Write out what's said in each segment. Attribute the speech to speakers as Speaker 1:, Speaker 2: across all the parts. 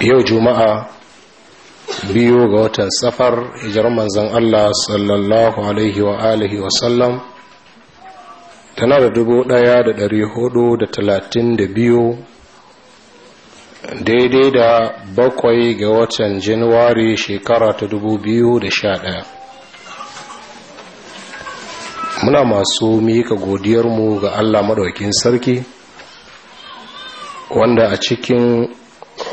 Speaker 1: yau juma'a biyu ga watan safar hijirar manzan Allah sallallahu alaihi wa alihi wa sallam tana da dubu daya da dari hudu da talatin da biyu daidai da bakwai ga watan januwari shekara ta dubu biyu da sha daya muna masu mika godiyarmu ga Allah maɗaukin sarki wanda a cikin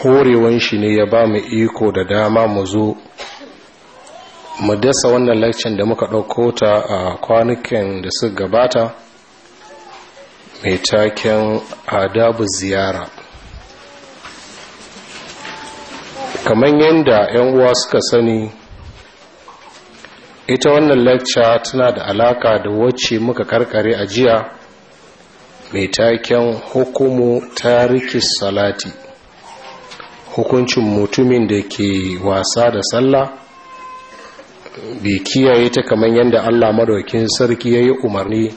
Speaker 1: horewan shi ne ya ba mu iko da dama mu zo mu dasa wannan lakcin da muka ɗauko ta a kwanakin da su gabata mai taken adabu ziyara kamar yadda 'yan uwa suka sani ita wannan lacca tana da alaka da wacce muka karkare a jiya mai taken hukumu tariki salati hukuncin mutumin da ke wasa da sallah bai kiyaye ta kamar yadda Allah madaukin sarki ya yi umarni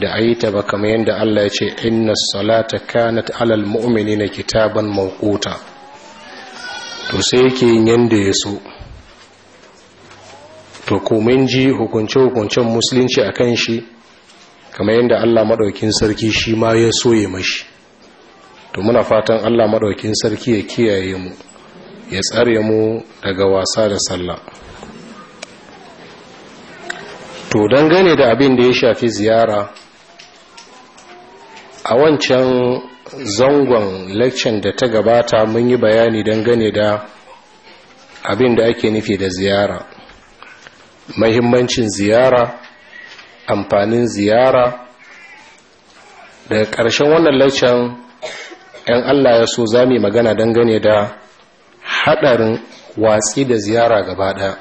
Speaker 1: da a yi ta ba kamar yadda Allah ya ce inna salata kanat alal mu'mini na kitaban mawquta to sai yake yin yadda ya so to komin ji hukunce-hukuncen musulunci a kan shi kamar yadda Allah madaukin sarki shi ma ya so ya mashi to muna fatan Allah maɗaukin sarki ya kiyaye mu ya tsare mu daga wasa da sallah to dangane da abin da ya shafi ziyara a wancan zangon lecture da ta gabata mun yi bayani dangane da abin da ake nufi da ziyara mahimmancin ziyara amfanin ziyara daga ƙarshen wannan lecture 'yan Allah ya so za mu magana dangane da haɗarin watsi da ziyara gaba ɗaya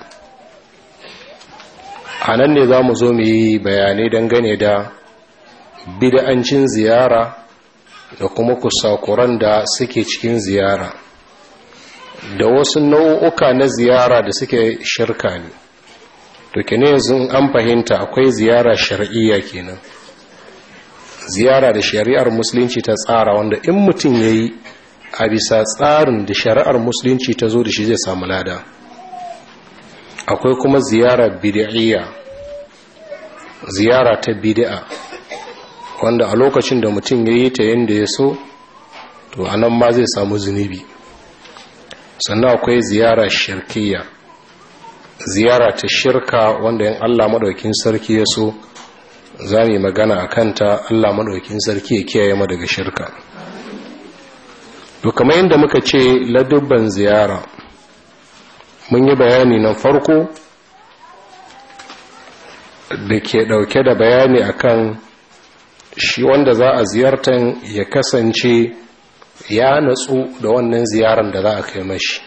Speaker 1: a nan ne za mu zo mu yi bayanai dangane da bida'ancin ziyara da kuma kusakuran da suke cikin ziyara da wasu nau'uka na ziyara da suke shirka ne to yanzu an fahimta akwai ziyara shar'iyya kenan ziyara da shari'ar musulunci ta tsara wanda in mutum ya yi a bisa tsarin da shari'ar musulunci ta zo da shi zai samu lada akwai kuma ziyara bid'iyya ziyara ta bid'a wanda a lokacin da mutum ya yi ta yadda ya so to a nan ma zai samu zunubi sannan akwai ziyara shirkiya, ziyara ta shirka wanda yin allah maɗaukin sarki ya so za mu yi magana a kanta allah maɗaukin sarki ya kiyaye ma daga shirka to kamar yadda muka ce ladubban ziyara mun yi bayani na farko da ke ɗauke da bayani akan shi wanda za a ziyartan ya kasance ya natsu da wannan ziyaran da za a kai mashi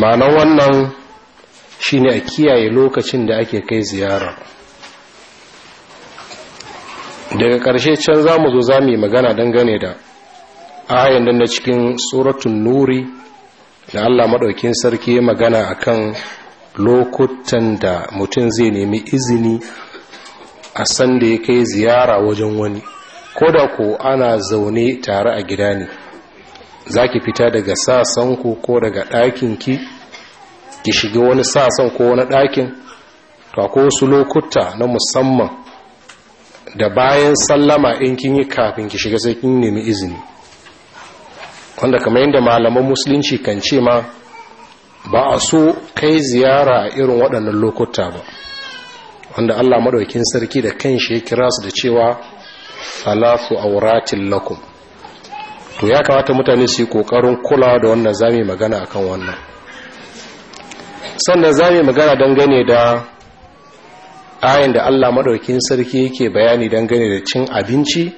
Speaker 1: ma'anar wannan shi ne a kiyaye lokacin da ake kai ziyara. daga ƙarshe can za mu zo za mu yi magana dangane da ayan nan na cikin suratun nuri da allah maɗaukin sarki ya magana a kan lokutan da mutum zai nemi izini a san da ya kai ziyara wajen wani ko da ku ana zaune tare a gida ne za ki fita daga sasanku ko daga ɗakinki ki shiga wani sasan ko wani ɗakin to ko wasu lokuta na musamman da bayan sallama in kin yi kafin ki shiga sai kin nemi izini wanda kamar yadda malaman musulunci kan ce ma ba a so kai ziyara a irin waɗannan lokuta ba wanda Allah madaukin sarki da kan shi ya kira su da cewa falafu auratin lakum to ya kamata mutane su yi kokarin kula da wannan zami magana akan wannan sannan zami magana dangane da ayin da Allah madaukin sarki yake bayani dangane da cin abinci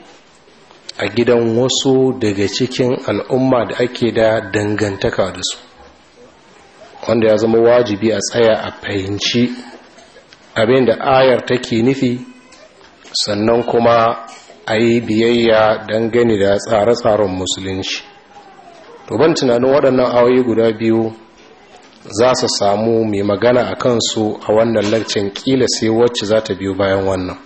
Speaker 1: a gidan wasu daga cikin al'umma da ake da dangantaka da su wanda ya zama wajibi a tsaya a fahimci abin da ayar take nufi sannan kuma a yi biyayya dangane da tsare-tsaren musulunci to tunanin waɗannan awayi guda biyu za su samu mai magana a kansu a wannan lakcin kila sai wacce za ta biyo bayan wannan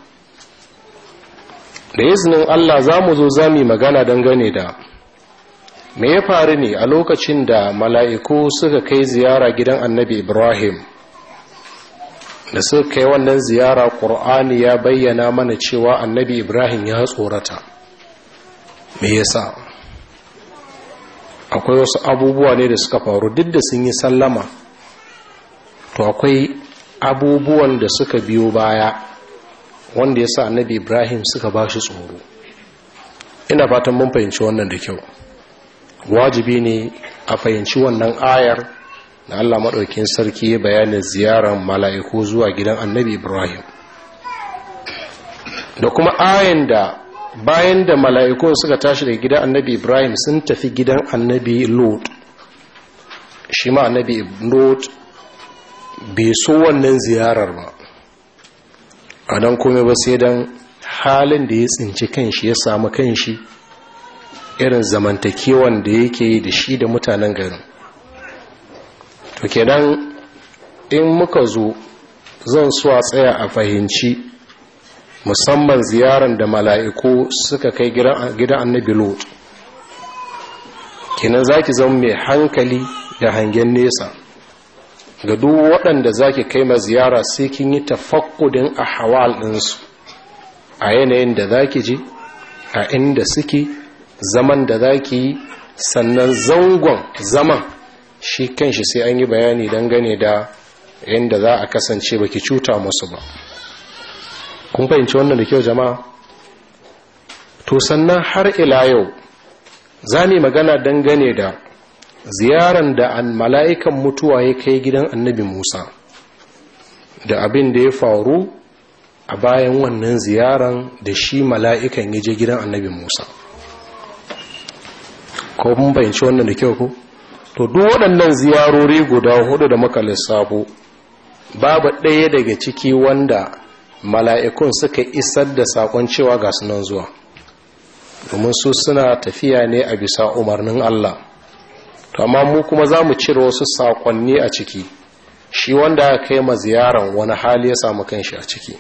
Speaker 1: da izinin allah za mu zo za mu magana gane da me ya faru ne a lokacin da mala'iku suka kai ziyara gidan annabi ibrahim da suka kai wannan ziyara ƙur'ani ya bayyana mana cewa annabi ibrahim ya tsorata me yasa akwai wasu abubuwa ne da suka faru duk da sun yi sallama to akwai abubuwan da suka biyo baya wanda ya sa annabi ibrahim suka ba shi tsoro ina fatan mun fahimci wannan da kyau wajibi ne a fahimci wannan ayar na allah maɗaukin sarki ya bayanin ziyarar mala'iku zuwa gidan annabi ibrahim da kuma A'yin da bayan da mala'iku suka tashi daga gidan annabi ibrahim sun tafi gidan annabi lot shi ma annabi lot bai so wannan ziyarar ba a don kome ba sai don halin da ya tsinci kanshi ya samu kanshi irin zamantakewan da yake yi da shi da mutanen garin to kenan in muka zo zan so a tsaya a fahimci musamman ziyaran da mala'iku suka kai gidan annabi lot kinan za ki zama mai hankali da hangen nesa ga duk waɗanda za ki kai ma ziyara sai kin yi tafakkudin a hawal ɗinsu a yanayin da za ki ji a inda suke zaman da za ki yi sannan zangon zaman shi kanshi sai an yi bayani dangane da yadda za a kasance baki cuta musu ba kun fahimci wannan da kyau jama'a to sannan har ila yau za mu magana dangane da ziyaran da an mala'ikan mutuwa ya kai gidan annabi musa da abin da ya faru a bayan wannan ziyaran da shi mala'ikan ya je gidan annabi musa ko mun bayanci wannan da kyau ko to duk waɗannan ziyarori guda hudu da muka lissafo babu ɗaya daga ciki wanda mala'ikun suka isar da saƙon cewa ga sunan zuwa domin su suna tafiya ne a bisa umarnin Allah to amma mu kuma za mu cire wasu saƙonni a ciki shi wanda aka kai maziyaran wani hali ya samu kanshi a ciki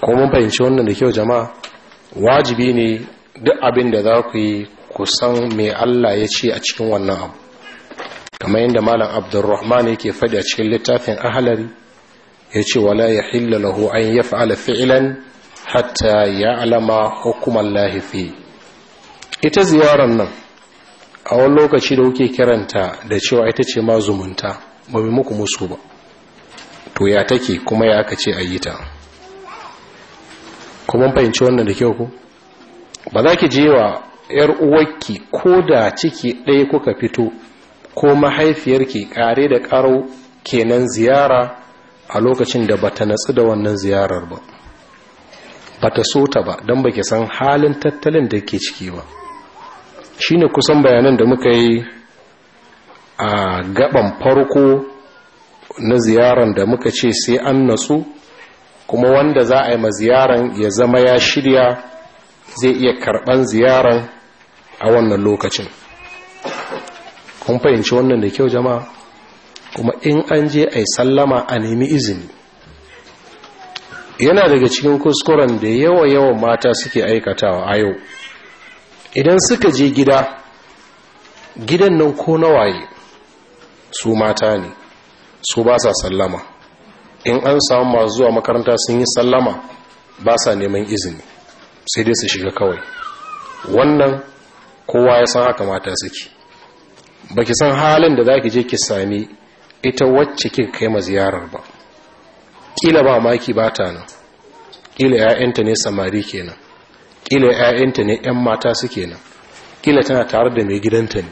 Speaker 1: ko mun fahimci wannan da kyau jama'a wajibi ne duk abin da za ku yi kusan mai Allah ya ce a cikin wannan abu kamar yadda malam abdulrahman yake faɗi a cikin littafin ahalari ya ce wala ya hilla an ya fa'ala fi'ilan hatta ya alama hukumar lahifi ita ziyarar nan a wani lokaci da kuke kiranta da cewa ita ce ma zumunta ba bi muku musu ba to ya take kuma ya aka ce a yi ta kuma fahimci wannan da kyau ku ba za ki je wa 'yar uwarki ko da ciki ɗaya kuka fito ko mahaifiyarki ƙare da ƙaro kenan ziyara a lokacin da ba ta natsu da wannan ziyarar ba bata so ta ba don ba baki san halin tattalin da ke ciki ba shi ne kusan bayanan da muka yi a gaban farko na ziyarar da muka ce sai an natsu kuma wanda za a yi ma ziyaran ya zama ya shirya zai iya karban ziyarar a wannan lokacin kun fahimci wannan da kyau jama'a kuma in an je a sallama a nemi izini yana daga cikin kuskuren da yawa yawan mata suke aikatawa a yau idan suka je gida gidan nan ko nawaye su mata ne su ba sa sallama in an samu masu zuwa makaranta sun yi sallama ba sa neman izini sai dai su shiga kawai wannan kowa ya san haka mata suke baki san halin da za ki je ki sami ita wacce kika kai ma ziyarar ba kila ba maki ba ta nan kila ‘ya'yanta ne samari kenan kila ‘ya'yanta ne ‘yan mata su kenan kila tana tare da mai gidanta ne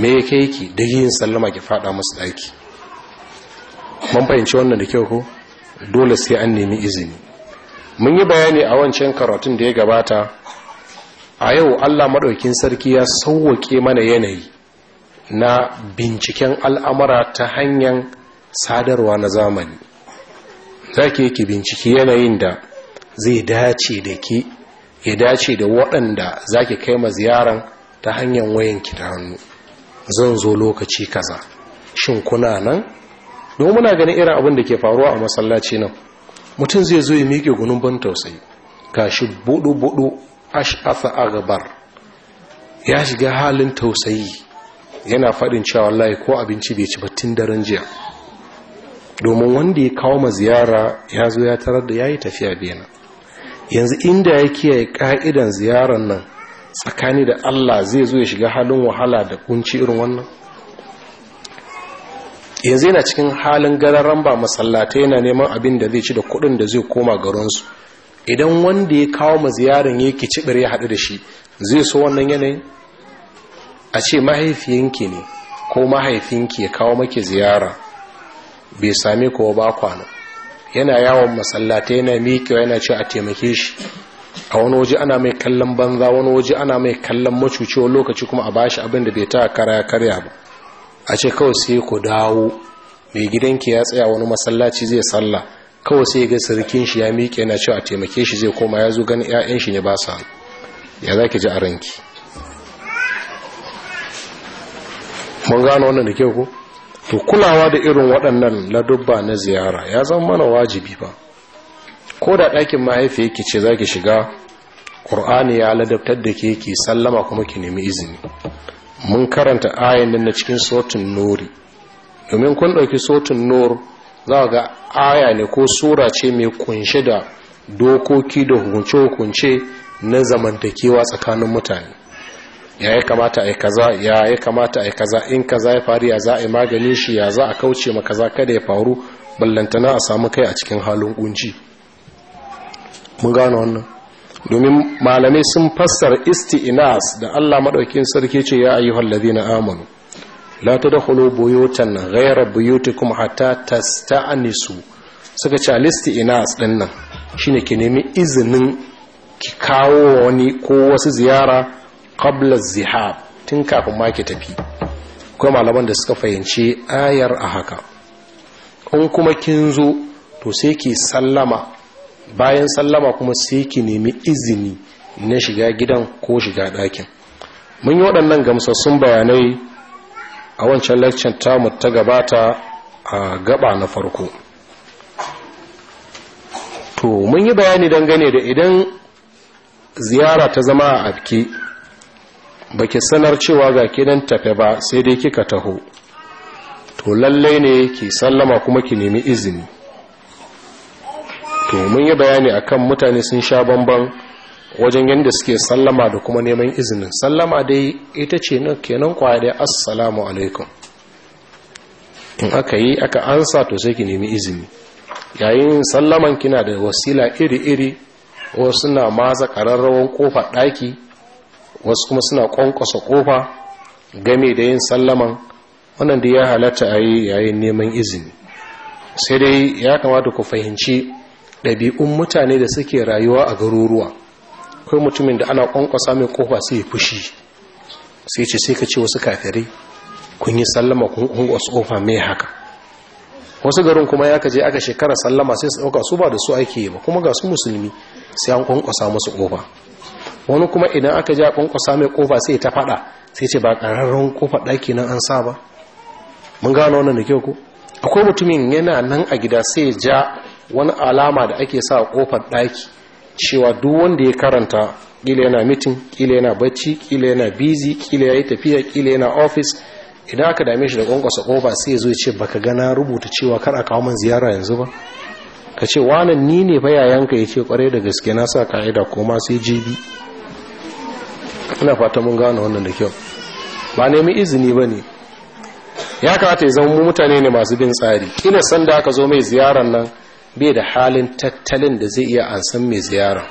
Speaker 1: me ya kai ki da yin sallama ki fada masu ɗaki mun fahimci wannan da kyau ko dole sai an nemi izini mun yi bayani a wancan karatun da ya gabata a yau allah maɗaukin sarki ya sauwake mana yanayi na binciken al'amura ta hanyar sadarwa na zamani za ki yake binciki yanayin da zai dace da ki ya dace da waɗanda za ki kai ma ziyaran ta hanyar wayanki da hannu zan zo lokaci kaza shin kuna nan don muna ganin irin abin da ke faruwa a masallaci nan mutum zai zo ya miƙe gunun ban tausayi gashi buɗu ash ash'asa agabar ya shiga halin tausayi yana faɗin cewa wallahi ko abinci bai ci ba tun daren jiya domin wanda ya kawo ma ziyara ya zo ya tarar da yayi tafiya bena yanzu inda ya kiyaye ka'idan ziyarar nan tsakani da Allah zai zo ya shiga halin wahala da kunci irin wannan yanzu yana cikin halin gararan ba masallata yana neman abin da zai ci da kuɗin da zai koma garinsu idan wanda ya kawo ma ziyarar ya ci bare ya haɗu da shi zai so wannan yanayin a ce mahaifiyanki ne ko mahaifinki ya kawo maki ziyara bai sami kowa ba kwana yana yawon masallata yana miƙewa yana ce a taimake shi a wani waje ana mai kallon banza wani waje ana mai kallon macucewa lokaci kuma a bashi abin da bai ta kara ya karya ba a ce kawai sai ku dawo mai gidanki ya tsaya wani masallaci zai salla kawai sai ga sarkin shi ya miƙe yana cewa a taimake shi zai koma ya zo ganin 'ya'yan shi ne ba sa ya ki ji a ranki mun gano wannan da kyau ko to kulawa da irin waɗannan ladubba na ziyara ya zama mana wajibi ba ko da ɗakin mahaifi yake ce za ki shiga ƙur'ani ya ladabtar da ke ki sallama kuma ki nemi izini mun karanta ayan nan na cikin sautin nori domin kun ɗauki sautin nor za ga aya ne ko sura ce mai kunshe da dokoki da hukunce-hukunce na zamantakewa tsakanin mutane ya ya kamata a yi kaza ya yi kamata a yi kaza in kaza ya faru ya za a yi maganin shi ya za a kauce ma kaza kada ya faru ballantana a samu kai a cikin halin kunci mun gano wannan domin malamai sun fassara isti'nas da Allah maɗaukin sarki ce ya ayyuhal ladina amanu la tadkhulu buyutan ghayra buyutikum hatta tasta'nisu suka ce al-isti'nas nan shine ki nemi izinin ki kawo wani ko wasu ziyara qabla zihab tun kafin ma ke tafi akwai malaman da suka fahimci ayar a haka in kuma kin zo to sai ki sallama bayan sallama kuma sai ki nemi izini na shiga gidan ko shiga ɗakin mun yi waɗannan gamsassun bayanai a wancan lakcin tamu ta gabata a gaba na farko to mun yi bayani dangane da idan ziyara ta zama a afke baki sanar cewa ga kinan tafe ba sai dai kika taho to lallai ne ki sallama kuma ki nemi izini to mun yi bayani akan mutane sun sha bamban wajen yadda suke sallama da kuma neman izinin sallama dai ita ce nan kenan kwaya dai assalamu alaikum in aka yi aka ansa to sai ki nemi izini yayin sallaman kina da wasila iri-iri wasu na maza ƙararrawan ƙofar ɗaki wasu kuma suna ƙwanƙwasa ƙofa game da yin sallaman wannan da ya halatta a yi yayin neman izini sai dai ya kamata ku fahimci ɗabi'un mutane da suke rayuwa a garuruwa kai mutumin da ana ƙwanƙwasa mai ƙofa sai ya fushi sai ce sai ka ce wasu kafirai kun yi sallama kun ƙwanƙwasa ƙofa mai haka wasu garin kuma ya kaje aka shekara sallama sai su ɗauka su ba da su aiki ba kuma ga su musulmi sai an ƙwanƙwasa musu ƙofa wani kuma idan aka ja kwankwasa mai ƙofa sai ta faɗa sai ce ba ƙararrun ƙofa ɗaki nan an sa ba mun gano wannan da kyau ku akwai mutumin yana nan a gida sai ja wani alama da ake sa kofar ɗaki cewa duk wanda ya karanta ƙila yana mitin ƙila yana bacci kila yana ƙila ya yi tafiya kila yana ofis idan aka dame shi da kwankwasa ƙofa sai zo ce baka gana rubuta cewa kar a kawo man ziyara yanzu ba ka ce wanan ni ne fa ya ce kware da gaske na sa ka'ida koma sai jibi ina fata mun gane wannan da kyau ba nemi izini ba ne ya kamata ya zama mutane ne masu bin tsari ina san da aka zo mai ziyarar nan bai da halin tattalin da zai iya ansan mai ziyara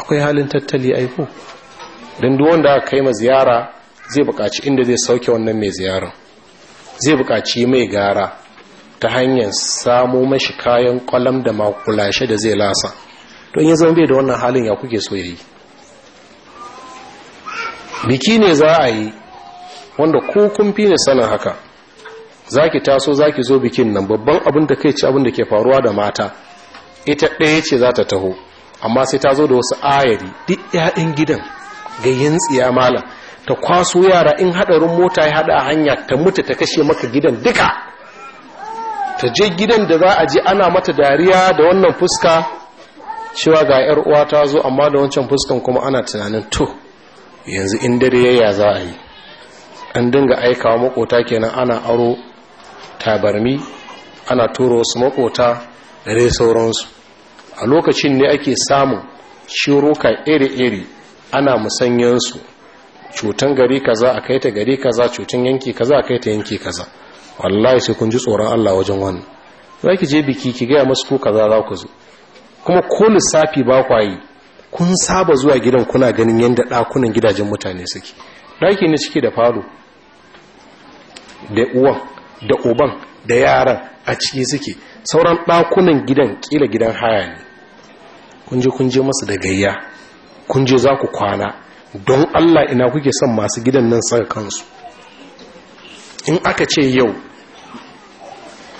Speaker 1: akwai halin tattali aiko don duk wanda aka kai ma ziyara zai bukaci inda zai sauke wannan mai ziyara zai bukaci mai gara ta hanyar samo mashi kayan kwalam da makulashe da zai lasa don ya zama bai da wannan halin ya kuke so ya yi. biki ne za a yi wanda ko kun fi ne sanin haka za ki taso za ki zo bikin nan babban abin da kai ci abin da ke faruwa da mata ita ɗaya ce za ta taho amma sai ta zo da wasu ayari duk 'ya'yan gidan yin tsiya malam ta kwaso yara in haɗarin mota ya haɗa a hanya ta mutu ta kashe maka gidan duka ta je gidan da za a je ana mata dariya da wannan fuska cewa ga 'yar uwa ta zo amma da wancan fuskan kuma ana tunanin to yanzu in dare yaya za a yi an dinga aikawa makota kenan ana aro tabarmi ana turo su makota da dai sauransu a lokacin ne ake samun shiruka iri-iri ana musanyansu cutan gari kaza a kai ta gari kaza cutan yanki kaza a kai ta yanki kaza wallahi sai kun ji tsoron Allah wajen wannan za ki je biki ki gaya masu ko kaza za ku zo kuma ko lissafi ba kwayi kun saba zuwa gidan kuna ganin yadda ɗakunan gidajen mutane suke ɗaki ne ciki da falo da uwan da uban da yaran a ciki suke sauran ɗakunan gidan ƙila gidan haya ne kunje kunje masu da gayya kunje za ku kwana don allah ina kuke son masu gidan nan saka kansu in aka ce yau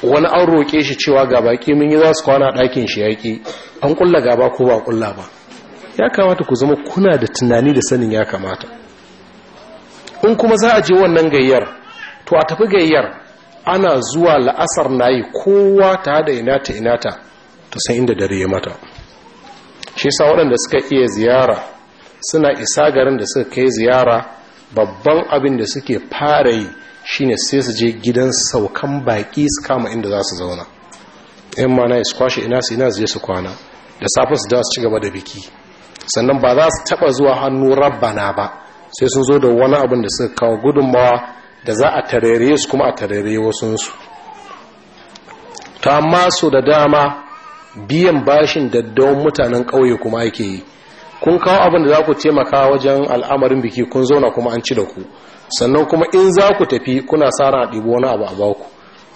Speaker 1: wani an roƙe shi cewa ga baƙi mun yi za su kwana ɗakin shi yaƙi an ƙulla gaba ko ba ƙulla ba ya kamata ku zama kuna da tunani da sanin ya kamata in kuma za a je wannan gayyar to a tafi gayyar ana zuwa la'asar na yi kowa ta da inata-inata ta san inda dare ya mata shi sa waɗanda suka iya ziyara suna isa garin da suka kai ziyara babban abin da suke fara yi shine sai su je gidan saukan baƙi su kama inda za su zauna yan mana ya kwashe ina su ina su je su kwana da safin su da su ci gaba da biki sannan ba za su taba zuwa hannu rabbana ba sai sun zo da wani abin da suka kawo gudunmawa da za a tarere su kuma a tarere wasunsu ta amma da dama biyan bashin daddawan mutanen ƙauye kuma ake yi kun kawo abin da za ku taimaka wajen al'amarin biki kun zauna kuma an ci da ku sannan kuma in za ku tafi kuna tsara a ɗibo wani abu a baku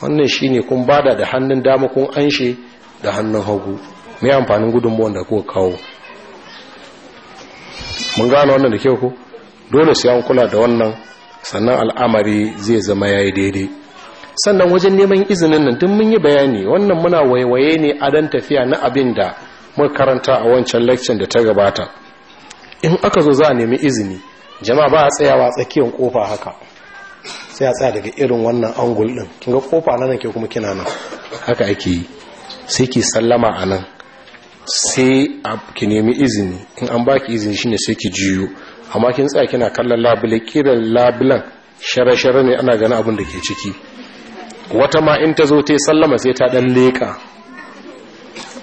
Speaker 1: wannan shi ne kun bada da hannun dama kun anshe da hannun hagu mai amfanin gudunmuwan da kuka kawo mun gane wannan da kyau ko dole sai an kula da wannan sannan al'amari zai zama ya yi daidai sannan wajen neman izinin nan tun mun yi bayani wannan muna waiwaye ne a dan tafiya na abin da muka karanta a wancan lecture da ta gabata in aka zo za a nemi izini jama'a ba a tsayawa tsakiyar kofa haka sai a tsaya daga irin wannan angul din kinga kofa nan ke kuma kina nan haka ake yi sai ki sallama a nan sai ki nemi izini in an baki izini shine sai ki jiyo amma kin tsaya kina kallon labule kiran labulan shara-shara ne ana gani abin da ke ciki wata ma in ta zo ta sallama sai ta dan leka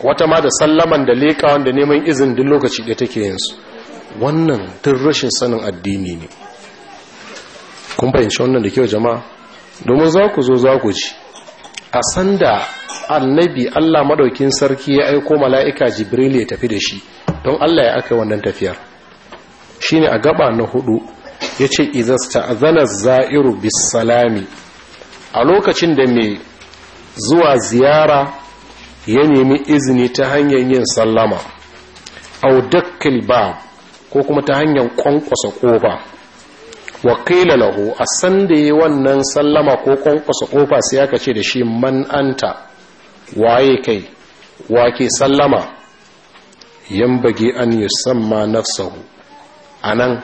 Speaker 1: wata ma da sallaman da leka wanda neman izini duk lokaci da take yin su wannan duk rashin sanin addini ne kun fahimci wannan da kyau jama'a domin za ku zo za ku ci a sanda annabi Allah madaukin sarki ya aiko mala'ika jibril ya tafi da shi don Allah ya aka wannan tafiyar shi a gaba na hudu ce izasta azana za'iru bis a lokacin da mai zuwa ziyara ya nemi izini ta hanyar yin sallama a ba ko kuma ta hanyar kwankwasa ƙofa wa qila lahu san da yi wannan sallama ko kwankwasa ƙofa sai aka ce da shi man anta waye kai wa ke sallama bage an sahu nafsahu nan,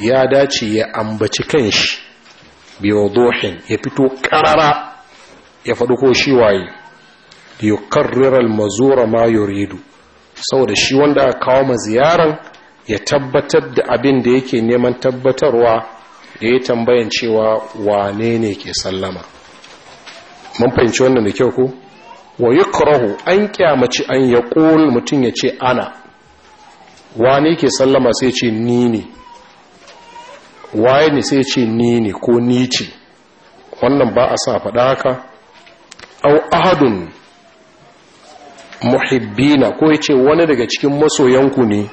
Speaker 1: ya dace ya ambaci kanshi bi wuduhin ya fito karara ya faɗi ko shi waye yukarrira mazura ma yoridu saboda shi wanda aka kawo ma ziyaran ya tabbatar da abin da yake neman tabbatarwa da ya tambayan cewa wane ne ke sallama mun fahimci wannan da kyau ko wa yukrahu an kyamaci an yaqul mutum ya ce ana wane ke sallama sai ce ni ne waye ne sai ce ni ne ko ni ce wannan ba a sa faɗa haka au ahadun muhibbina ko yace wani daga cikin masoyanku ne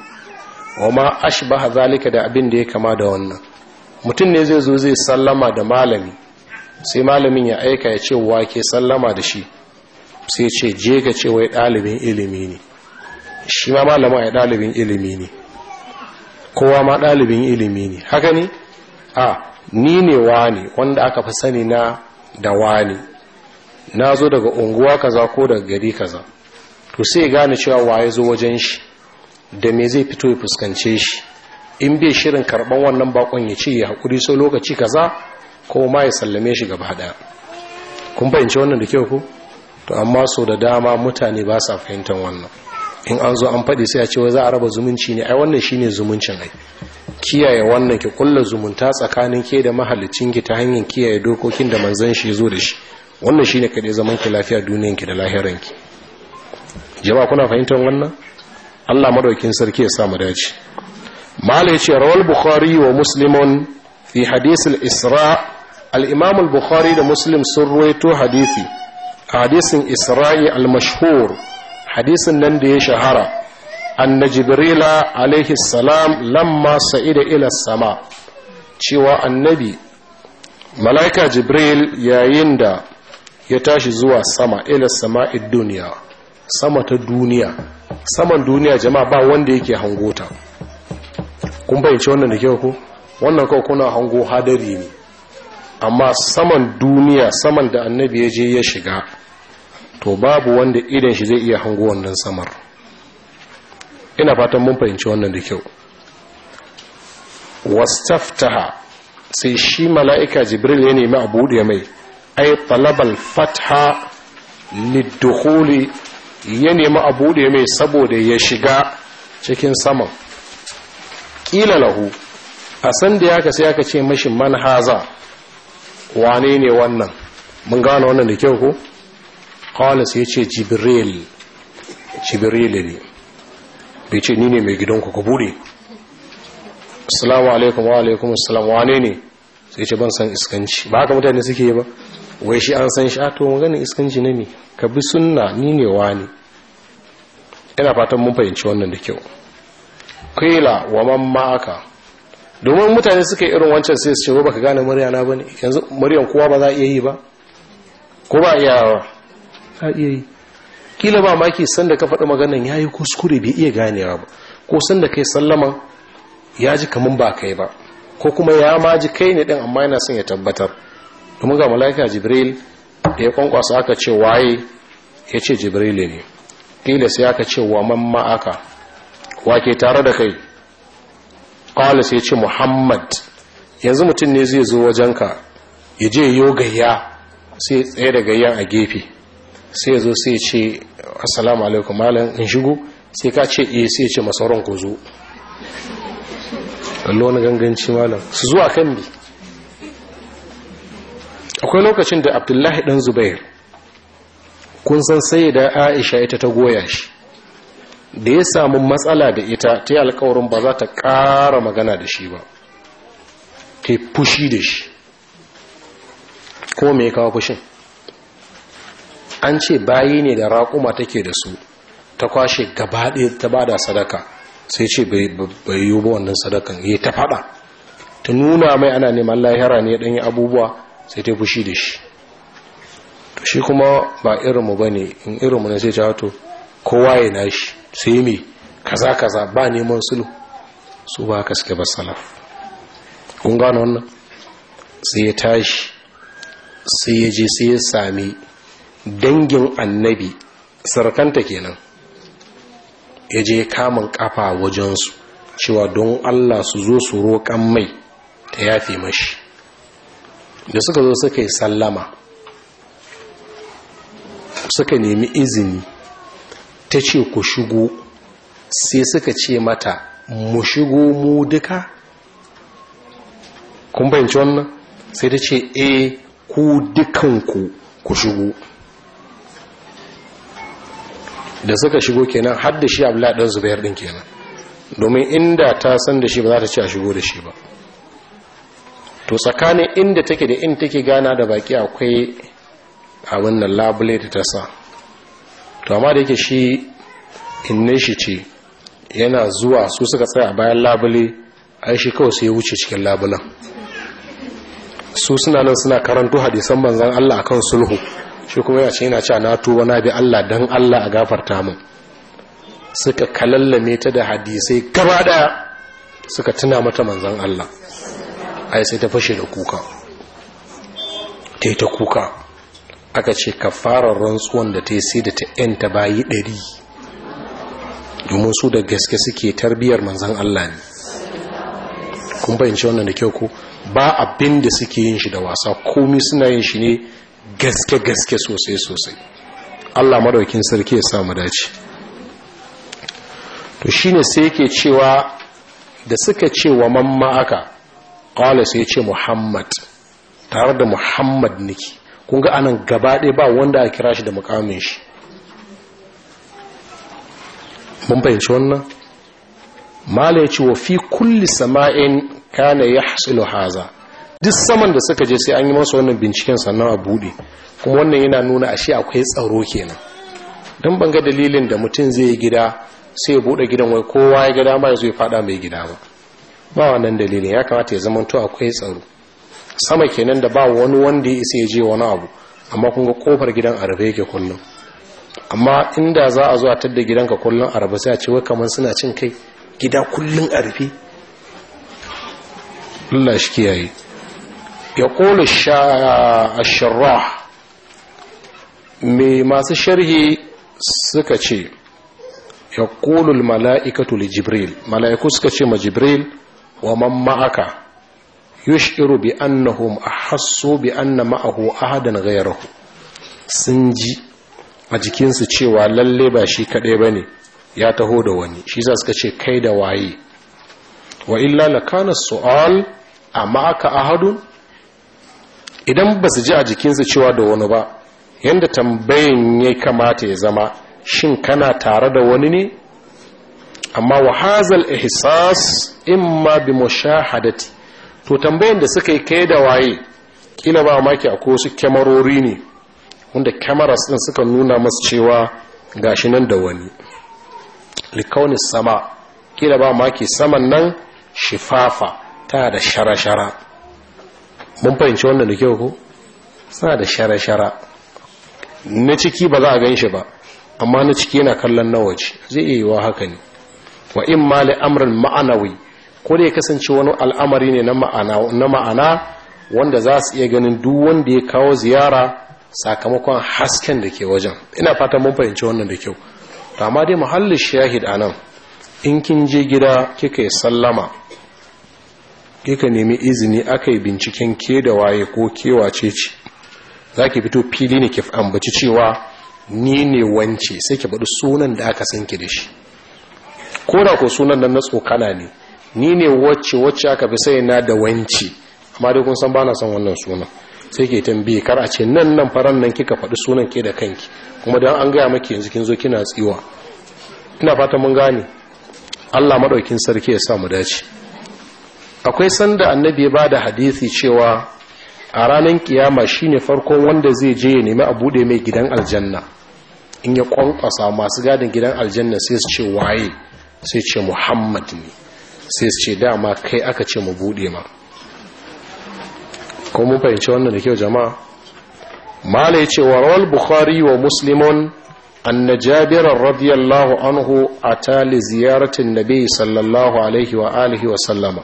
Speaker 1: wa ma ashbaha zalika da abin da ya kama da wannan mutum ne zai zo zai sallama da malami sai malamin ya aika ya ce wa ke sallama da shi sai ce je ka ce wai ɗalibin ilimi ne shi ma malamin ya ɗalibin ilimi ne kowa ma ɗalibin ilimi ne haka ne a ni ne wani wanda aka fi sani na da wani na zo daga unguwa kaza ko daga gari kaza to sai gane cewa waye zo wajen shi da me zai fito ya fuskance shi in bai shirin karban wannan bakon ya ce ya hakuri so lokaci kaza ko ma ya sallame shi gaba daya kun fahimci wannan da kyau ku? to amma so da dama mutane ba sa fahimtar wannan in an zo an faɗi sai a ce za a raba zumunci ne ai wannan shine zumuncin ai kiyaye wannan ki kulla zumunta tsakanin ke da mahallicin ki ta hanyar kiyaye dokokin da manzon shi zo da shi wannan shine kade zaman ki lafiya duniyan ki da lahirin ki jama'a kuna fahimtar wannan Allah madaukin sarki ya sa mu dace mala ya ce rawar bukhari wa muslimun fi hadisul isra al'imam bukhari da muslim sun ruwaito hadisi a hadisin isra'i al-mashhur hadisin nan da ya shahara anna jibrila alaihis salam lamma sa'ida ila sama cewa annabi mala'ika jibril yayin da ya tashi zuwa sama ila sama'id duniya sama ta duniya saman duniya jama'a ba wanda yake hangota kun fahimci wannan da kyau ku wannan kawai kuna hango hadari ne amma saman duniya saman da annabi ya je ya shiga to babu wanda idan shi zai iya hango wannan samar ina fatan mun fahimci wannan da kyau wastaftaha sai shi mala'ika jibril ya nemi a buɗe mai ai talabal fatha lidukhuli ya nemi a buɗe mai saboda ya shiga cikin saman faƙila lahu a san da ya kasi ya ce mashi haza wane ne wannan mun gano wannan da kyau ko ƙawalis ya ce jibril jibril ne bai ce ni ne mai gidanku ku bude assalamu alaikum wa alaikum assalam wane ne sai ce ban san iskanci ba haka mutane suke ba wai shi an san shi a to maganin iskanci na ne ka bi sunna ni ne wani ina fatan mun fahimci wannan da kyau kila wa man ma'aka domin mutane suka yi irin wancan sai su ce baka gane murya na bane yanzu muryan kowa ba za iya yi ba ko ba iya ba iya yi kila ba maki san da ka faɗi ya yi kuskure bai iya ganewa ba ko sanda da kai sallama ya ji kamun ba kai ba ko kuma ya ma ji kai ne ɗin amma yana son ya tabbatar domin ga malaika jibril da ya kwankwasa aka ce waye ya ce jibril ne kila sai aka ce wa man ma'aka wake tare da kai ƙwale sai ce muhammad yanzu mutum ne zai zo wajenka ya je yo gayya sai tsaye da gayya a gefe sai zo sai ce assalamu alaikum malam in shigo sai ka ce iya eh, sai ce masauran ku zo allo na ganganci malam su zuwa kan bi akwai lokacin da abdullahi dan zubair kun san sai da aisha ita ta goya shi da ya samu matsala da ita ta yi alkawarin ba za ta ƙara magana da shi ba ta yi fushi da shi ko mai kawo fushin an ce bayi ne da raƙuma take da su ta kwashe gabaɗe ta ba da sadaka sai ce bai yi ba wannan sadakan ya ta faɗa ta nuna mai ana neman lahira ne ɗanyi abubuwa sai ta fushi da shi to shi kuma ba irinmu ba ne in irinmu ne sai ta wato kowa ya nashi sai mai kaza kaza ba neman sulhu su ba ka suke ba kun gano wannan sai ya tashi sai ya je sai ya sami dangin annabi sarkanta kenan ya je kamun kafa wajensu cewa don allah su zo su roƙan mai ta yafe mashi da suka zo suka yi sallama suka nemi izini ta ce ku shigo sai suka ce mata mu shigo mu duka kun fahimci wannan sai ta ce e ku dukanku ku shigo da suka shigo kenan har da shi abla ɗan zubayar ɗin kenan domin inda ta san da shi ba za ta ce a shigo da shi ba to tsakanin inda take da in take gana da baki akwai abin nan labule da ta sa to amma da yake shi inne shi ce yana zuwa su suka tsaya bayan labule ai shi kawai sai wuce cikin labulan su suna nan suna karanto hadisan manzan Allah akan sulhu shi kuma yana ce yana cewa na tuba na bi Allah dan Allah a gafarta mu suka kalallame ta da hadisai gaba daya suka tuna mata manzan Allah ai sai ta fashe da kuka ta ta kuka aka ce kafarar rantsuwan da ta yi sai da ta yanta bayi ɗari domin su da gaske suke tarbiyyar manzan Allah ne kun bayanci wannan da kyau ko ba abin da suke yin shi da wasa komi suna yin shi ne gaske-gaske sosai-sosai Allah madaukin sarki ya samu dace to shine sai yake cewa da suka ce wa mamma aka qala sai ya ce Muhammad tare da Muhammad niki kun ga anan gaba ɗaya ba wanda a kira shi da mukamin shi mun fahimci wannan mala ya ce wa fi kulli sama'in kana ya hasilu haza duk saman da suka je sai an yi masa wannan binciken sannan a buɗe kuma wannan yana nuna ashe akwai tsaro kenan don banga dalilin da mutum zai yi gida sai ya buɗe gidan wai kowa ya gida ma ya zo ya faɗa mai gida ba ba wannan dalilin ya kamata ya zama to akwai tsaro sama kenan da ba wani wanda ya isa ya je wani abu amma kun ga kofar gidan arabe yake kullum amma inda za a zo a tadda gidanka kullum arabe sai a ce wai kamar suna cin kai gida kullum arabe Allah shi kiyaye ya kola sharrah mai masu sharhi suka ce ya kola mala'ikatu li jibril mala'iku suka ce ma jibril wa man ma'aka yushiru bi annahum ahassu bi anna ma'ahu ahadan ghayrahu sun ji a jikinsu cewa lalle ba shi kaɗai ba ne ya taho da wani shi za suka ce kai da waye wa illa lakana su'al amma aka ahadun idan ba su ji a jikinsu cewa da wani ba yadda tambayin ya kamata ya zama shin kana tare da wani ne amma wa hazal ihsas imma bi mushahadati to tambayan da suka yi kai da waye kila ba maki a wasu kyamarori ne wanda kyamaras din suka nuna masu cewa ga shi nan da wani likaunin sama kila ba maki saman nan shifafa ta da shara-shara mun fahimci wannan da kyau ko sa da shara-shara na ciki ba za a gan shi ba amma na ciki yana kallon na waje zai iya yiwa haka ne wa in ma ma'anawi ko da ya kasance wani al'amari ne na ma'ana wanda za su iya ganin duk wanda ya kawo ziyara sakamakon hasken da ke wajen ina fatan mun fahimci wannan da kyau amma dai muhallin shahid a nan, in kin je gida kika yi sallama kika nemi izini aka yi binciken ke da waye ko kewace ce za ki fito fili ne ki ambaci cewa ni ne wance sai ki baɗi sunan da aka san ki da shi ko da ko sunan nan na tsokana ne ni ne wacce wacce aka fi sai na da wanci amma dai kun san ba na san wannan sunan sai ke tambaye kar a ce nan nan faran nan kika faɗi sunan ke da kanki kuma dan an gaya maki yanzu kin zo kina tsiwa ina fata mun gane Allah madaukin sarki ya sa mu dace akwai sanda annabi ya bada hadisi cewa a ranar kiyama shine farkon wanda zai je ya nemi a bude mai gidan aljanna in ya kwankwasa masu gadin gidan aljanna sai su ce waye sai ce muhammad ne sai su ce dama kai aka ce mu buɗe ma ko mun fahimci wannan da kyau jama'a malai ya ce wa rawal bukhari wa muslimun anna jabir radiyallahu anhu atali ziyaratin nabi sallallahu alaihi wa alihi wa sallama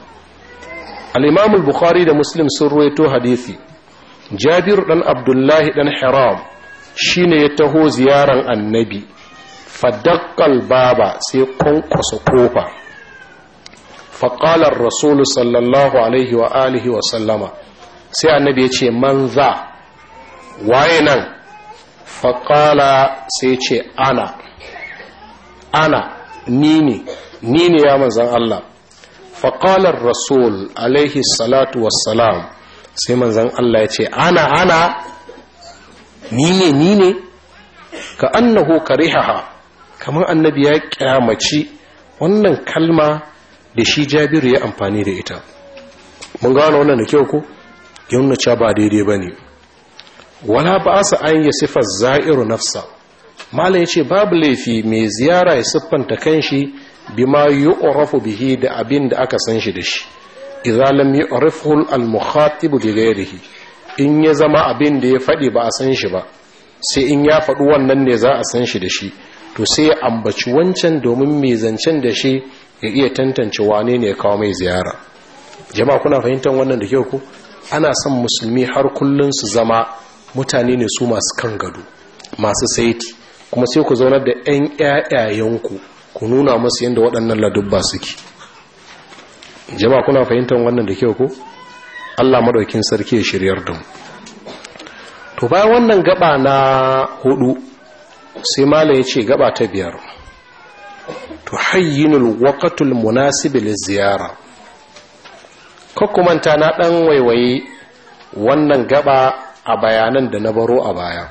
Speaker 1: al imam bukhari da muslim sun raito hadisi jabiru dan abdullahi dan haram shine ya taho ziyaran annabi faddaqal baba sai kon kosa kofa faƙalar rasulu sallallahu alaihi wa alihi wa sallama sai annabi ya ce man waye nan faƙala sai ce ana ana ni ne ni ne ya manzan Allah faƙalar rasul alaihi salatu wassalam sai manzan Allah ya ce ana ana ni ne ni ne ka annahu karihaha kamar annabi ya ƙyamaci. wannan kalma da shi jabiru ya amfani da ita mun gano wannan da kyau ko yamna na ba daidai ba ne wala ba su an yi siffar za'iru nafsa malam ya ce babu laifi mai ziyara ya siffanta kan shi bi ma yi orafu bihi da abin da aka san shi da shi izalam yi oraful al-mukhatibu da gairihi in ya zama abin da ya faɗi ba a san shi ba sai in ya faɗi wannan ne za a san shi da shi to sai ya ambaci wancan domin mai zancen da shi ya iya tantance wane ne ya kawo mai ziyara jama'a kuna fahimtar wannan da kyau ku ana son musulmi har kullun su zama mutane ne su masu kan gado masu saiti kuma sai ku zaunar da 'yan ƴaƴayenku ku nuna masu yadda waɗannan ladubba suke jama'a kuna fahimtar wannan da kyau ku Allah madaukin sarki ya shiryar da mu to bayan wannan gaba na hudu sai malam ya ce gaba ta biyar تحين الوقت المناسب ziyara ka na ɗan waiwaye wannan gaba a bayanan da na baro a baya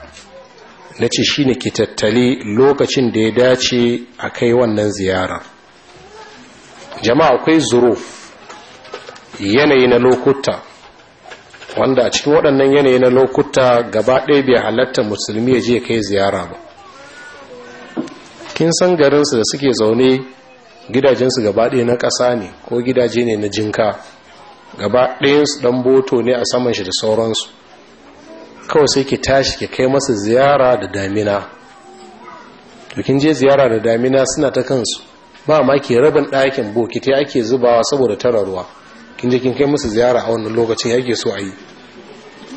Speaker 1: na ce shi ne ki tattali lokacin da ya dace a kai wannan ziyarar jama'a akwai zuruf yanayi na lokuta wanda a cikin waɗannan yanayi na lokuta gaba ɗaya bai halatta musulmi ya je kai ziyara ba kin san garinsu da suke zaune gidajensu gaba ɗaya na ƙasa ne ko gidaje ne na jinka gaba ɗayansu ɗan boto ne a saman shi da sauransu kawai sai ki tashi ki kai masa ziyara da damina to kin je ziyara da damina suna ta kansu ba ma ke rabin ɗakin bokiti ake zubawa saboda tara ruwa kin je kin kai masa ziyara a wannan lokacin yake so a yi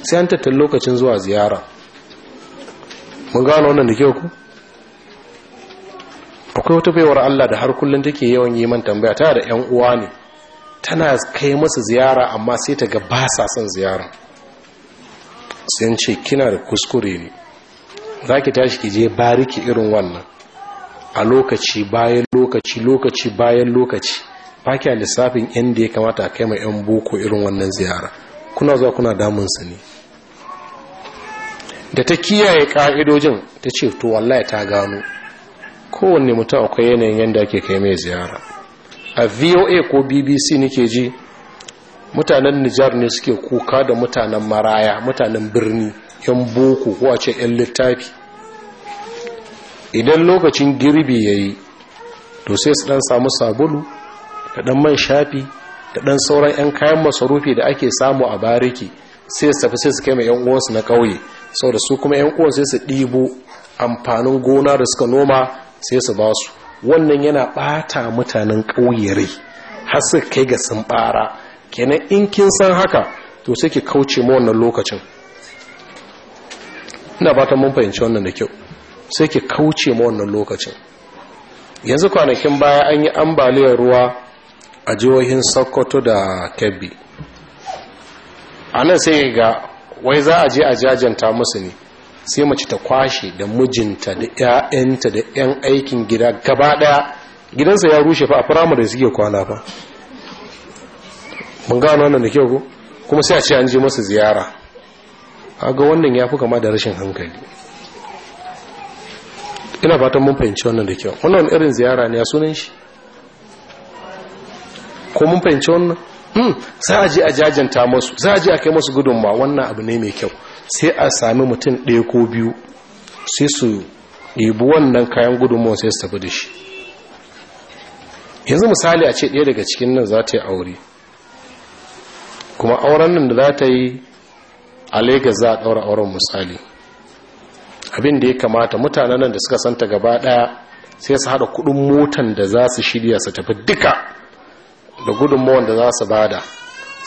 Speaker 1: sai an tattalin lokacin zuwa ziyara mun gano wannan da kyau ku akwai wata baiwar Allah da har kullum take yawan yi man tambaya tana da ƴan uwa ne tana kai musu ziyara amma sai ta ga ba sa son ziyara sai ce kina da kuskure ne zaki tashi ki je bariki irin wannan a lokaci bayan lokaci lokaci bayan lokaci ba kya lissafin inda ya kamata kai ma 'yan boko irin wannan ziyara kuna zuwa kuna damun su ne da ta kiyaye ka'idojin ta ce to wallahi ta gano kowanne mutum akwai yanayin yadda ake kai mai ziyara a voa ko bbc nake ji mutanen nijar ne suke kuka da mutanen maraya mutanen birni yan boko ko a ce yan littafi idan lokacin girbi ya yi to sai su dan samu sabulu da dan man shafi da dan sauran yan kayan masarufi da ake samu a bariki sai su tafi sai su kai mai yan uwansu na ƙauye saboda su kuma yan uwansu sai su ɗibo amfanin gona da suka noma sai su ba su wannan yana ɓata mutanen ƙauye har su kai ga sun ɓara kenan in kin san haka to sai ki kauce ma wannan lokacin ina fatan mun fahimci wannan da kyau sai ki kauce ma wannan lokacin yanzu kwanakin baya an yi ambaliyar ruwa a jihohin sokoto da kebbi a nan sai ga wai za a je a jajanta musu ne sai mace ta kwashe da mijinta da 'ya'yanta da 'yan aikin gida gaba daya gidansa ya rushe fa a firamare suke kwana fa mun ga wannan da kyau ko kuma sai a ce an je masa ziyara kaga wannan ya fi kama da rashin hankali ina fatan mun fahimci wannan da kyau wannan irin ziyara ne ya sunan shi ko mun fahimci wannan hmm sai a je a jajanta masu sai a je a kai masu gudunma wannan abu ne mai kyau sai a sami mutum ɗaya ko biyu sai su ɗebi wannan kayan gudunmuwa sai su tafi da shi yanzu misali a ce ɗaya daga cikin nan za ta yi aure kuma auren nan da za ta yi a lagos za a ɗaura auren misali abin da ya kamata mutanen nan da suka santa gaba ɗaya sai su haɗa kuɗin motan da za su shirya su tafi duka da gudunmuwan da za su bada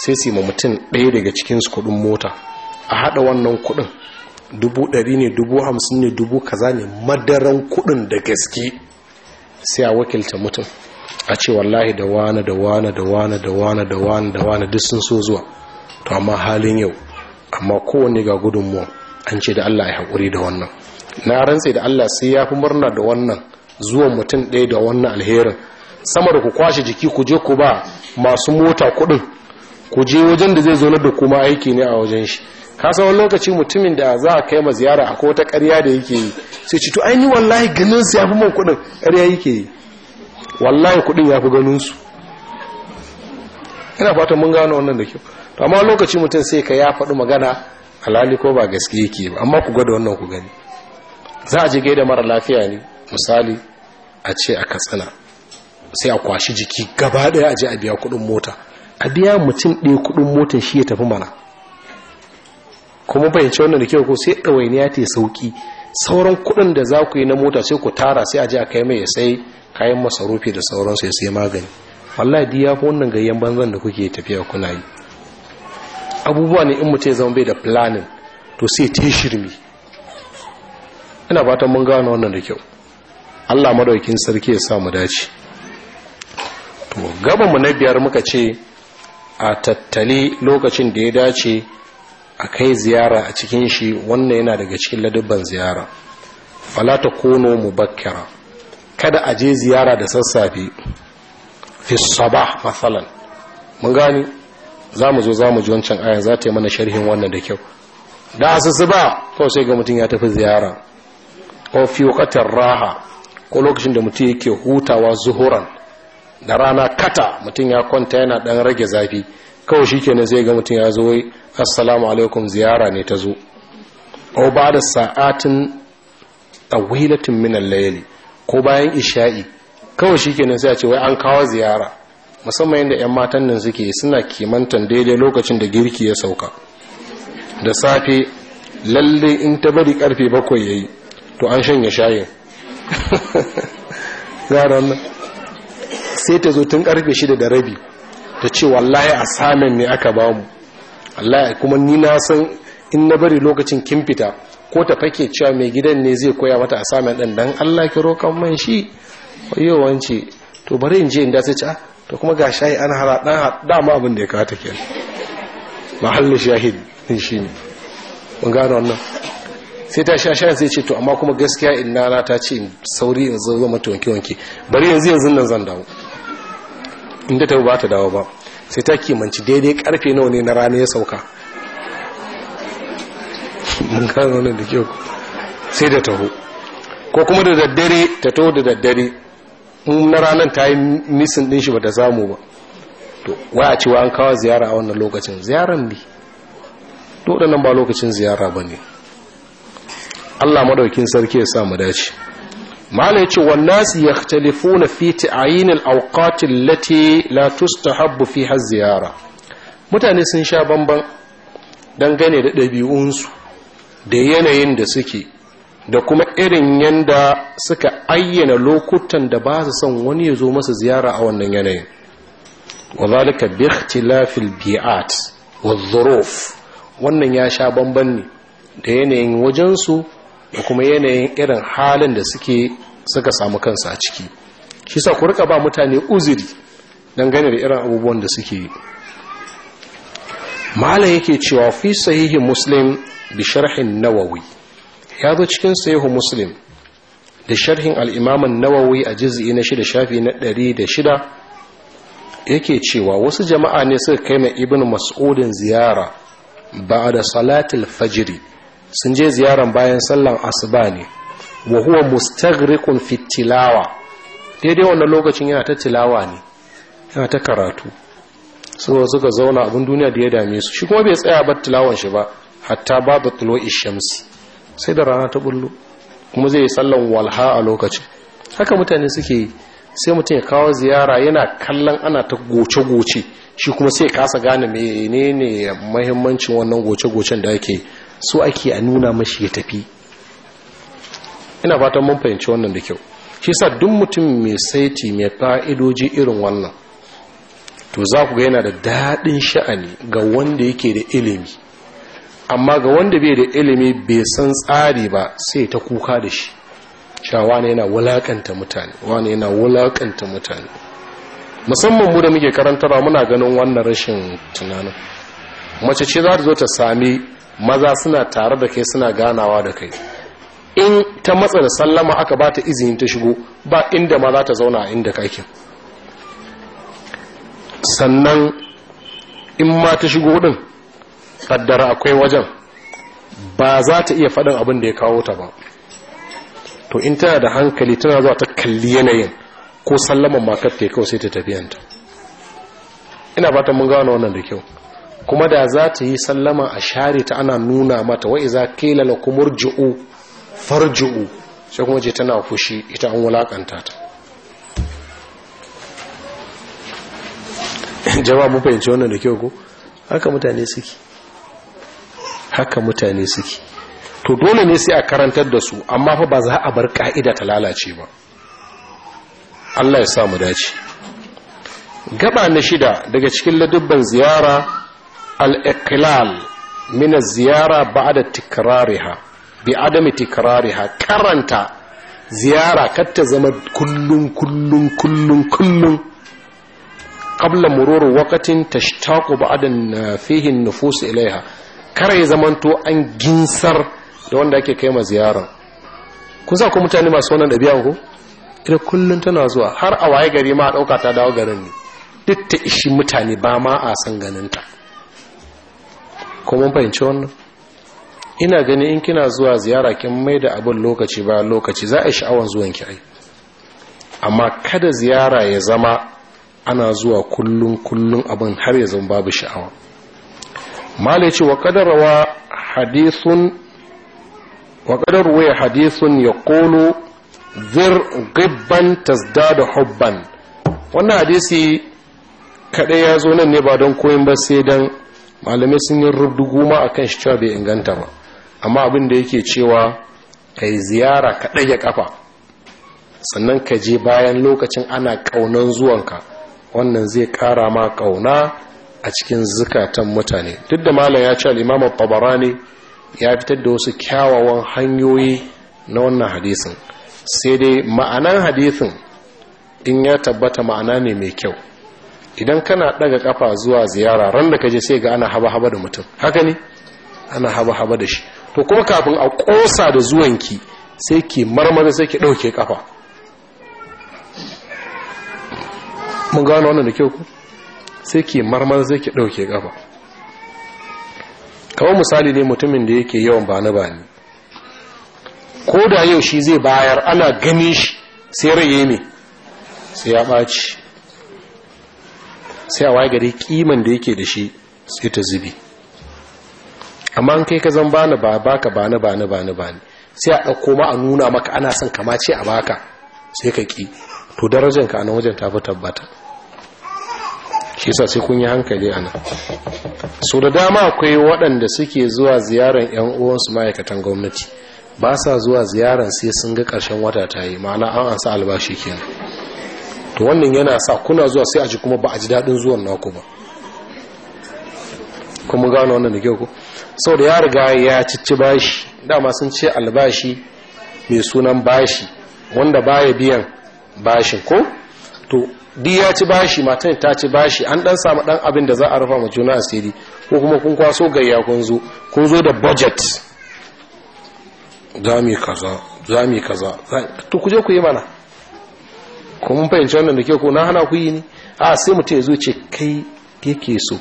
Speaker 1: sai su yi ma mutum ɗaya daga cikinsu kuɗin mota a hada wannan kudin dubu ɗari ne dubu hamsin ne dubu kaza ne madaran kudin da gaske sai a wakilta mutum a ce wallahi da wane da wane da wane da wane da wane da wane duk sun so zuwa to amma halin yau amma kowane ga gudunmuwa an ce da Allah ya haƙuri da wannan na rantse da Allah sai ya fi murna da wannan zuwan mutum ɗaya da wannan alherin sama da ku kwashe jiki ku je ku ba masu mota kuɗin ku je wajen da zai zo na da kuma aiki ne a wajen shi ka san wani lokaci mutumin da za a kai ma ziyara a kowata ƙarya da yake yi sai ci to wallahi ganin su fi man kuɗin ƙarya yake yi wallahi kuɗin fi ganin su ina fatan mun gano wannan da kyau to amma lokaci mutum sai ka ya faɗi magana a ko ba gaske yake ba amma ku gwada wannan ku gani za a je gaida mara lafiya ne misali a ce a katsina sai a kwashi jiki gaba ɗaya a je a biya kuɗin mota a biya mutum ɗaya kuɗin mota shi ya tafi mana kuma bayyance wannan da kyau ko sai ɗawainiya ta sauki sauran kuɗin da za ku yi na mota sai ku tara sai a ji a kai mai sai kayan masarufi da sauransu ya sai magani wallahi di ya fi wannan gayyan banzan da kuke tafiya kuna yi abubuwa ne in mutum ya zama bai da planin to sai ta shirmi ina fatan mun gano wannan da kyau Allah madaukin sarki ya sa mu dace to gaban mu na biyar muka ce a tattali lokacin da ya dace a kai ziyara a cikin shi wannan yana daga cikin ladabban ziyara fala ta kono mubakkara kada a je ziyara da sassafe fi sabah matsalan mun gani za mu zo za mu ji wancan ayan za ta yi mana sharhin wannan da kyau da asusu ba kawai sai ga mutum ya tafi ziyara ko fi wakatar raha ko lokacin da mutum yake hutawa zuhuran da rana kata mutum ya kwanta yana dan rage zafi kawai shi kenan sai ga mutum ya zo assalamu alaikum ziyara ne ta zo au ba da sa'atin ɗawilatin minan layali ko bayan isha'i kawai shi kenan sai a ce an kawo ziyara musamman yadda 'yan matan nan suke suna kimantan daidai lokacin da girki ya sauka da safe lalle in ta bari karfe bakwai ya yi to an shanya shayin nan sai ta zo tun karfe shida da rabi ta ce wallahi a assignment ne aka bamu wallahi kuma ni na san in na bari lokacin kin fita ko ta fake cewa mai gidan ne zai koya mata assignment din dan Allah ki roƙan man shi wance to bari in je in da sai ta to kuma ga shayi an hara dan dama abin da ya kawo ta kenan mahallin shahid din shi ne. mun gano wannan sai ta sha shayin sai ce to amma kuma gaskiya in na ta ce sauri yanzu zama ta wanke wanke bari yanzu yanzu nan zan dawo inda ta ba ta dawo ba sai ta kimanci daidai karfe nawa ne na rana ya sauka mun da kyau sai da taho ko kuma da daddare ta taho da daddare na ranar ta yi misin din shi ba ta samu ba to waya cewa an kawo ziyara a wannan lokacin ziyaran ne to nan ba lokacin ziyara ba ne allah madaukin sarki ya sa mu dace mala yace wan nas yakhtalifuna fi ta'yin lati latus ta la fi har ziyara mutane sun sha bamban dangane da ɗabi'unsu da yanayin da suke da kuma irin yanda suka ayyana lokutan da ba su son wani ya zo masa ziyara a wannan yanayin wa zalika bi ikhtilafil bi'at wa dhuruf wannan ya sha bamban ne da yanayin wajensu da kuma yanayin irin halin da suke suka samu kansa a ciki shi sa ku ba mutane uzuri dangane da irin abubuwan da suke yi malam yake cewa fi sahihin muslim da sharhin nawawi ya zo cikin sahihu muslim da sharhin al'imaman nawawi a jiz'i na shida shafi na ɗari da shida yake cewa wasu jama'a ne suka kai mai ibn mas'udin ziyara ba da salatul fajiri sun je ziyaran bayan sallan asuba ne wa huwa mustaghriqun fi daidai wannan lokacin yana ta tilawa ne yana ta karatu sun suka zauna abin duniya da ya dame su shi kuma bai tsaya ba tilawan shi ba hatta babu tulo ishamsi sai da rana ta bullo kuma zai yi sallan walha a lokacin haka mutane suke yi sai mutum ya kawo ziyara yana kallon ana ta goce-goce shi kuma sai kasa gane menene mahimmancin wannan goce-gocen da ake so ake a nuna mashi ya tafi ina fatan mun fahimci wannan da kyau shi sa duk mutum mai saiti mai fa'idoji irin wannan to za ku ga yana da daɗin sha'ani ga wanda yake da ilimi amma ga wanda bai da ilimi bai san tsari ba sai ta kuka da shi Shawana yana wulakanta mutane wani yana wulakanta mutane musamman mu da muke karantarwa muna ganin wannan rashin tunanin mace ce za ta zo ta sami maza suna tare da kai suna ganawa da kai in ta matsa da sallama aka ba ta izini ta shigo ba inda ma ta zauna a inda kake sannan in ma ta shigo din kaddara akwai wajen ba za ta iya faɗin abin da ya kawo ta ba to in tana da hankali tana zuwa ta kalli yanayin ko sallaman makar ta kawo sai ta tafiyanta ina ba ta mun gano wannan da kyau kuma da za ta yi sallama a share ta ana nuna mata wa iza kila lakum far farji'u sai kuma je tana fushi ita an wulakanta ta jama'a mun fahimci wannan da kyau ko haka mutane suke haka mutane suke to dole ne sai a karantar da su amma fa ba za a bar ƙa'ida ta lalace ba Allah ya sa mu dace gaba na shida daga cikin ladubban ziyara al-iqlal min az-ziyara ba'da tikrariha bi adami karanta ziyara kar ta zama kullum kullum kullum kullun qabla murur ta tashtaqu ba'da fihi an-nufus ilaiha kare zamanto an ginsar da wanda ake kai ma ziyara kun sa ku mutane masu wannan dabi'a ko ita kullum tana zuwa har a waye gari ma a ɗauka ta dawo garin ne duk ta ishi mutane ba ma a san ganinta ko mun fahimci wannan ina gani in kina zuwa ziyara kin mai da abin lokaci ba lokaci za a yi sha'awar zuwan ki ai amma kada ziyara ya zama ana zuwa kullun kullun abin har ya zama babu sha'awa malai ce wa kadarwa hadithun wa kadarwa hadithun ya kolo zir gibban tasdada hubban wannan hadisi kaɗai ya zo nan ne ba don koyin ba sai dan. malamai sun yi goma a kan shi cewa bai inganta ba amma abin da yake cewa ka yi ziyara ka ɗage kafa sannan ka je bayan lokacin ana ƙaunan zuwanka wannan zai ƙara ma ƙauna a cikin zukatan mutane duk da malam ya ce al'imamu ne ya fitar da wasu kyawawan hanyoyi na wannan hadisin sai dai ma'anan hadisin in ya tabbata ma'ana ne mai kyau idan kana daga kafa zuwa ziyara ran da kaje sai ga ana haba-haba da mutum haka ne ana haba-haba da shi to kuma kafin a kosa da zuwanki sai ki marmara sai ki dauke kafa mun gano wannan da kyau ku sai ki marmara sai ki dauke kafa kawai misali ne mutumin da yake yawan bani bani ko da yau shi zai bayar ana ganin shi sai rage ne sai ya ɓaci sai a waye gari kiman da yake da shi sai ta zubi amma an kai ka zan ba bani ba baka ba ni ba ni sai a ɗauko ma a nuna maka ana son kama ce a baka sai ka ki to darajar ka nan wajen ta fi tabbata shi sa sai kun yi hankali ana so da dama akwai waɗanda suke zuwa ziyarar yan uwansu ma'aikatan gwamnati ba sa zuwa ziyarar sai sun ga ƙarshen wata ta yi ma'ana an ansa albashi kenan to wannan yana sa kuna zuwa sai a ji kuma ba a ji daɗin zuwan naku ba kuma gano wannan da kyau sau da ya riga ya cici bashi dama sun ce albashi mai sunan bashi wanda baya biyan bashin ko to di ya ci bashi matan ta ci bashi an dan samu dan abin da za a rufa ma juna asiri ko kuma kun kwaso gayya kun zo kun zo da budget za mu yi kaza za mu yi kaza to ku je ku yi mana kuma fahimci wannan da ke ko na hana ku yi ne a sai mutum ya zo ce kai yake so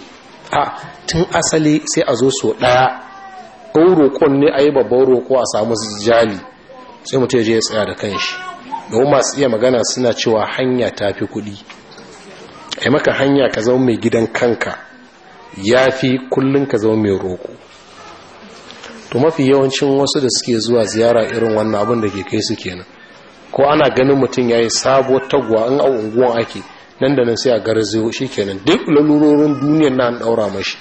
Speaker 1: a tun asali sai a zo so ɗaya in roƙon ne a yi babban roƙo a samu jali sai mutum ya je ya tsaya da kanshi domin masu iya magana suna cewa hanya ta fi kuɗi a maka hanya ka zama mai gidan kanka ya fi kullum ka zama mai roƙo to mafi yawancin wasu da suke zuwa ziyara irin wannan abin da ke kai su kenan ko ana ganin mutum ya yi sabuwar tagwa in a unguwan ake nan da nan sai a garzayo shi kenan duk lalurorin duniyan na an ɗaura mashi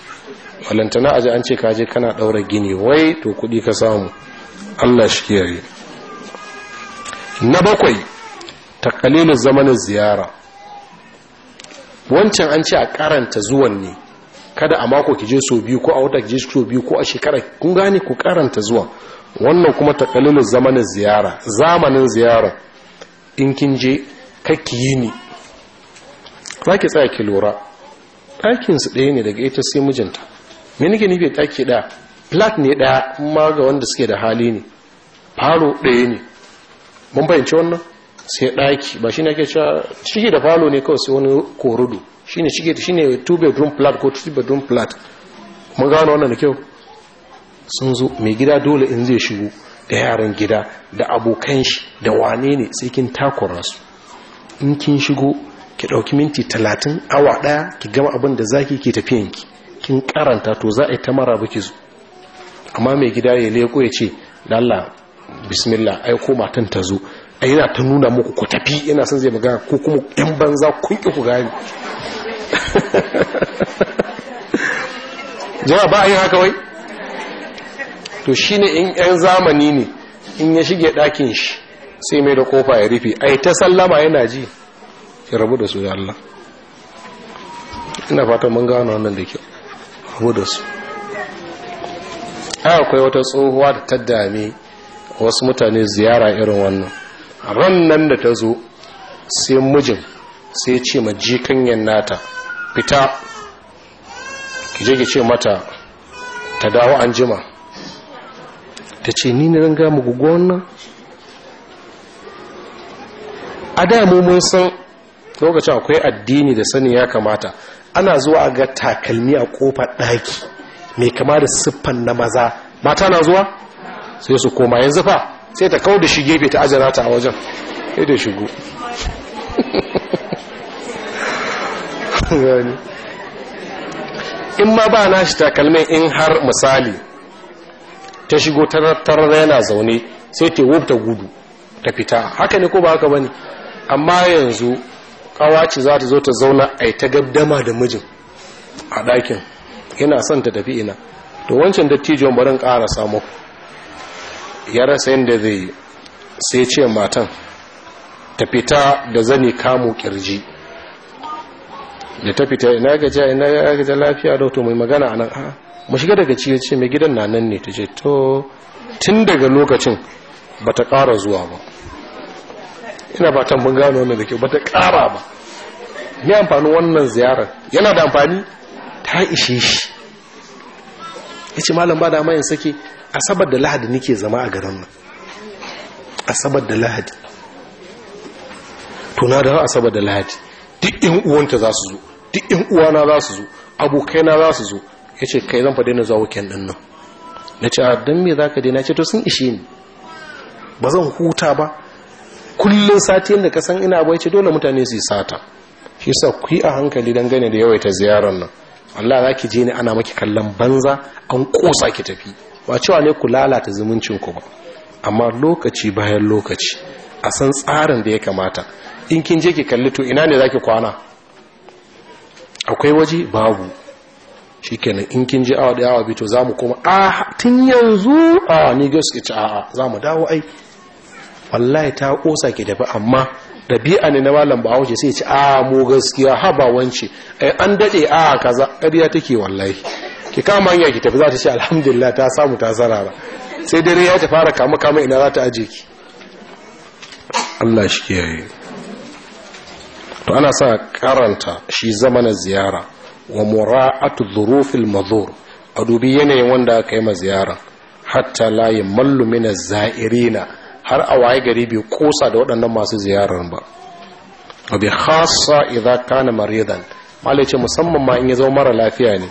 Speaker 1: walantana aji an ce kaje kana ɗaura gini wai to kuɗi ka samu allah shi kiyaye na bakwai ta kalilin zamanin ziyara wancan an ce a karanta zuwan ne kada a mako ki je so biyu ko a wata ki je so biyu ko a shekara kun gane ku karanta zuwan wannan kuma takalilin zamanin ziyara zamanin ziyara in kin je kakki yi ni za ki tsaya ki lura ɗakinsu ɗaya ne daga ita sai mijinta me nake nufi ɗaki ɗaya flat ne ɗaya ma ga wanda suke da hali ne falo ɗaya ne mun fahimci wannan sai ɗaki ba shi ne ake ciki da falo ne kawai sai wani korudu shi ne ciki shi ne two bedroom plat ko three bedroom plat mun gano wannan da kyau sun zo mai gida dole in zai shigo da yaran gida da abokan shi da wane ne sai kin takura su in kin shigo ki ɗauki minti talatin awa ɗaya ki gama abin da zaki ke tafiyan ki kin karanta to za a yi ta mara ki zo amma mai gida ya leko ya ce lalla bismillah ai ko matan ta zo A yana ta nuna muku ku tafi yana son zai magana ko kuma yan banza kun ki ku gani jama'a ba a yi haka wai to shine in yan zamani ne in ya shige ɗakin shi sai mai da kofa ya rufe yi ta sallama yana ji ya rabu da su da Allah ina fata mun gano wannan da kyau rabu da su akwai wata tsohuwa da ta dame wasu mutane ziyara irin wannan ran nan da ta zo sai mijin sai ce ma jikanyen nata fita ki je ki ce mata ta dawo an jima ta ce ni na ranga mu gugu wannan a damu mun san lokacin akwai addini da sani ya kamata ana zuwa ga takalmi a kofar ɗaki mai kama da siffan na maza mata na zuwa sai su koma yanzu fa sai ta kawo da shi gefe ta ajiyar ta a wajen sai da shigo in ma ba na shi takalmin in har misali ta shigo tarar yana zaune sai ta wubta gudu ta fita haka ne ko ba haka bane amma yanzu kawaci za ta zo ta zauna a ta gaddama da mijin a ɗakin yana son ta tafi ina to wancan dattijon barin ƙara samu ya rasa yadda zai sai ce matan ta fita da zani kamu kirji da ta fita ina gaja ina gaja lafiya da mai magana a nan mu shiga daga ciye ce mai gidan na nan ne ta ce to tun daga lokacin ba ta ƙara zuwa ba ina ba tan mun gano wannan da ke ba ta ƙara ba ni amfanin wannan ziyarar yana da amfani ta ishe shi ya ce malam ba da mayan sake asabar da lahadi nike zama a garin nan asabar da lahadi tuna da asabar da lahadi duk yan uwanta za su zo duk yan uwana za su zo abokaina za su zo ya ce kai zan fa daina zuwa weekend ɗin nan na ce a don me za ka daina ce to sun ishe ni ba zan huta ba kullum sati da ka san ina bai ce dole mutane su yi sata shi sa ku yi a hankali don gane da yawaita ziyarar nan Allah za ki je ni ana maki kallon banza an ƙosa ki tafi ba cewa ne ku lalata zumuncin ku ba amma lokaci bayan lokaci a san tsarin da ya kamata in kin je ki kalli to ina ne za ki kwana akwai waje babu shikenan in kin ji awa da awa bi to zamu koma a tun yanzu a ni gaske ci a'a zamu dawo ai wallahi ta kosa ke dafa amma dabi'a ne na malam ba wuce sai ci a mu gaskiya ha ba wance ai an dade a kaza ƙarya take wallahi ki kama hanya ki tafi za ta ce alhamdulillah ta samu ta sarara sai dare ya ta fara kama kama ina za ta aje ki Allah shi kiyaye to ana sa karanta shi zamanin ziyara wa mura'atu dhurufil mazur a dubi yanayin wanda aka yi ma ziyara hatta la yamallu min zairina har a waye gari bai kosa da waɗannan masu ziyarar ba wa bi khassa idza kana maridan malai musamman ma in ya zama mara lafiya ne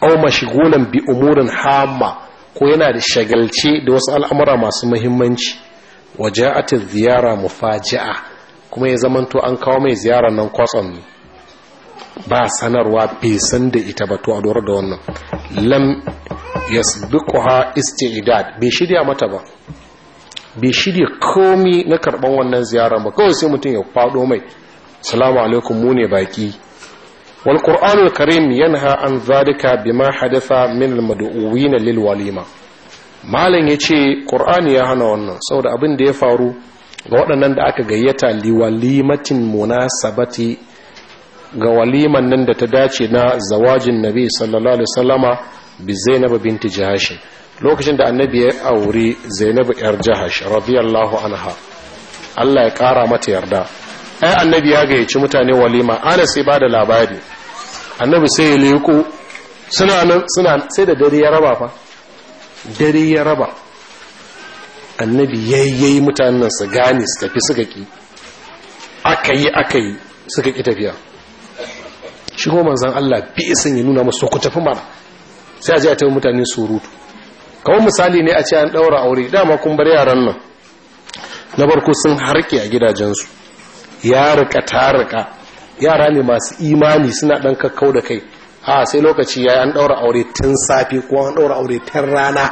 Speaker 1: aw mashghulan bi umurin hamma ko yana da shagalce da wasu al'amura masu muhimmanci waja'at ziyara mufaji'a kuma ya zamanto an kawo mai ziyarar nan kwatsam ne ba sanarwa bai san da ita ba to a dora da wannan lam ha isti'dad bai shirya mata ba bai shirya komi na karban wannan ziyara ba kawai sai mutum ya fado mai salamu alaikum mu ne baki wal al karim yanha an zalika bima hadatha min al mad'uwin lil walima malam yace qur'ani ya hana wannan saboda abin da ya faru ga waɗannan da aka gayyata liwalimatin munasabati ga waliman nan da ta dace na zawajin nabi sallallahu alaihi wasallama bi zainab binti jahash lokacin da annabi ya aure zainab yar jahash radiyallahu anha Allah ya kara mata yarda ai annabi ya gayyaci mutane walima ana sai ba da labari annabi sai ya leku suna nan suna sai da dare ya raba fa dare ya raba annabi yayyayi mutanen su gane su tafi suka ki aka yi suka ki tafiya shi kuma manzan Allah fi isin ya nuna masu ku tafi mara sai a ji a tafi mutane surutu kawai misali ne a ce an ɗaura aure dama kun bar yaran nan na barko sun harke a gidajensu ya rika ta rika yara ne masu imani suna ɗan kakkau da kai a sai lokaci ya yi an ɗaura aure tun safe ko an ɗaura aure tun rana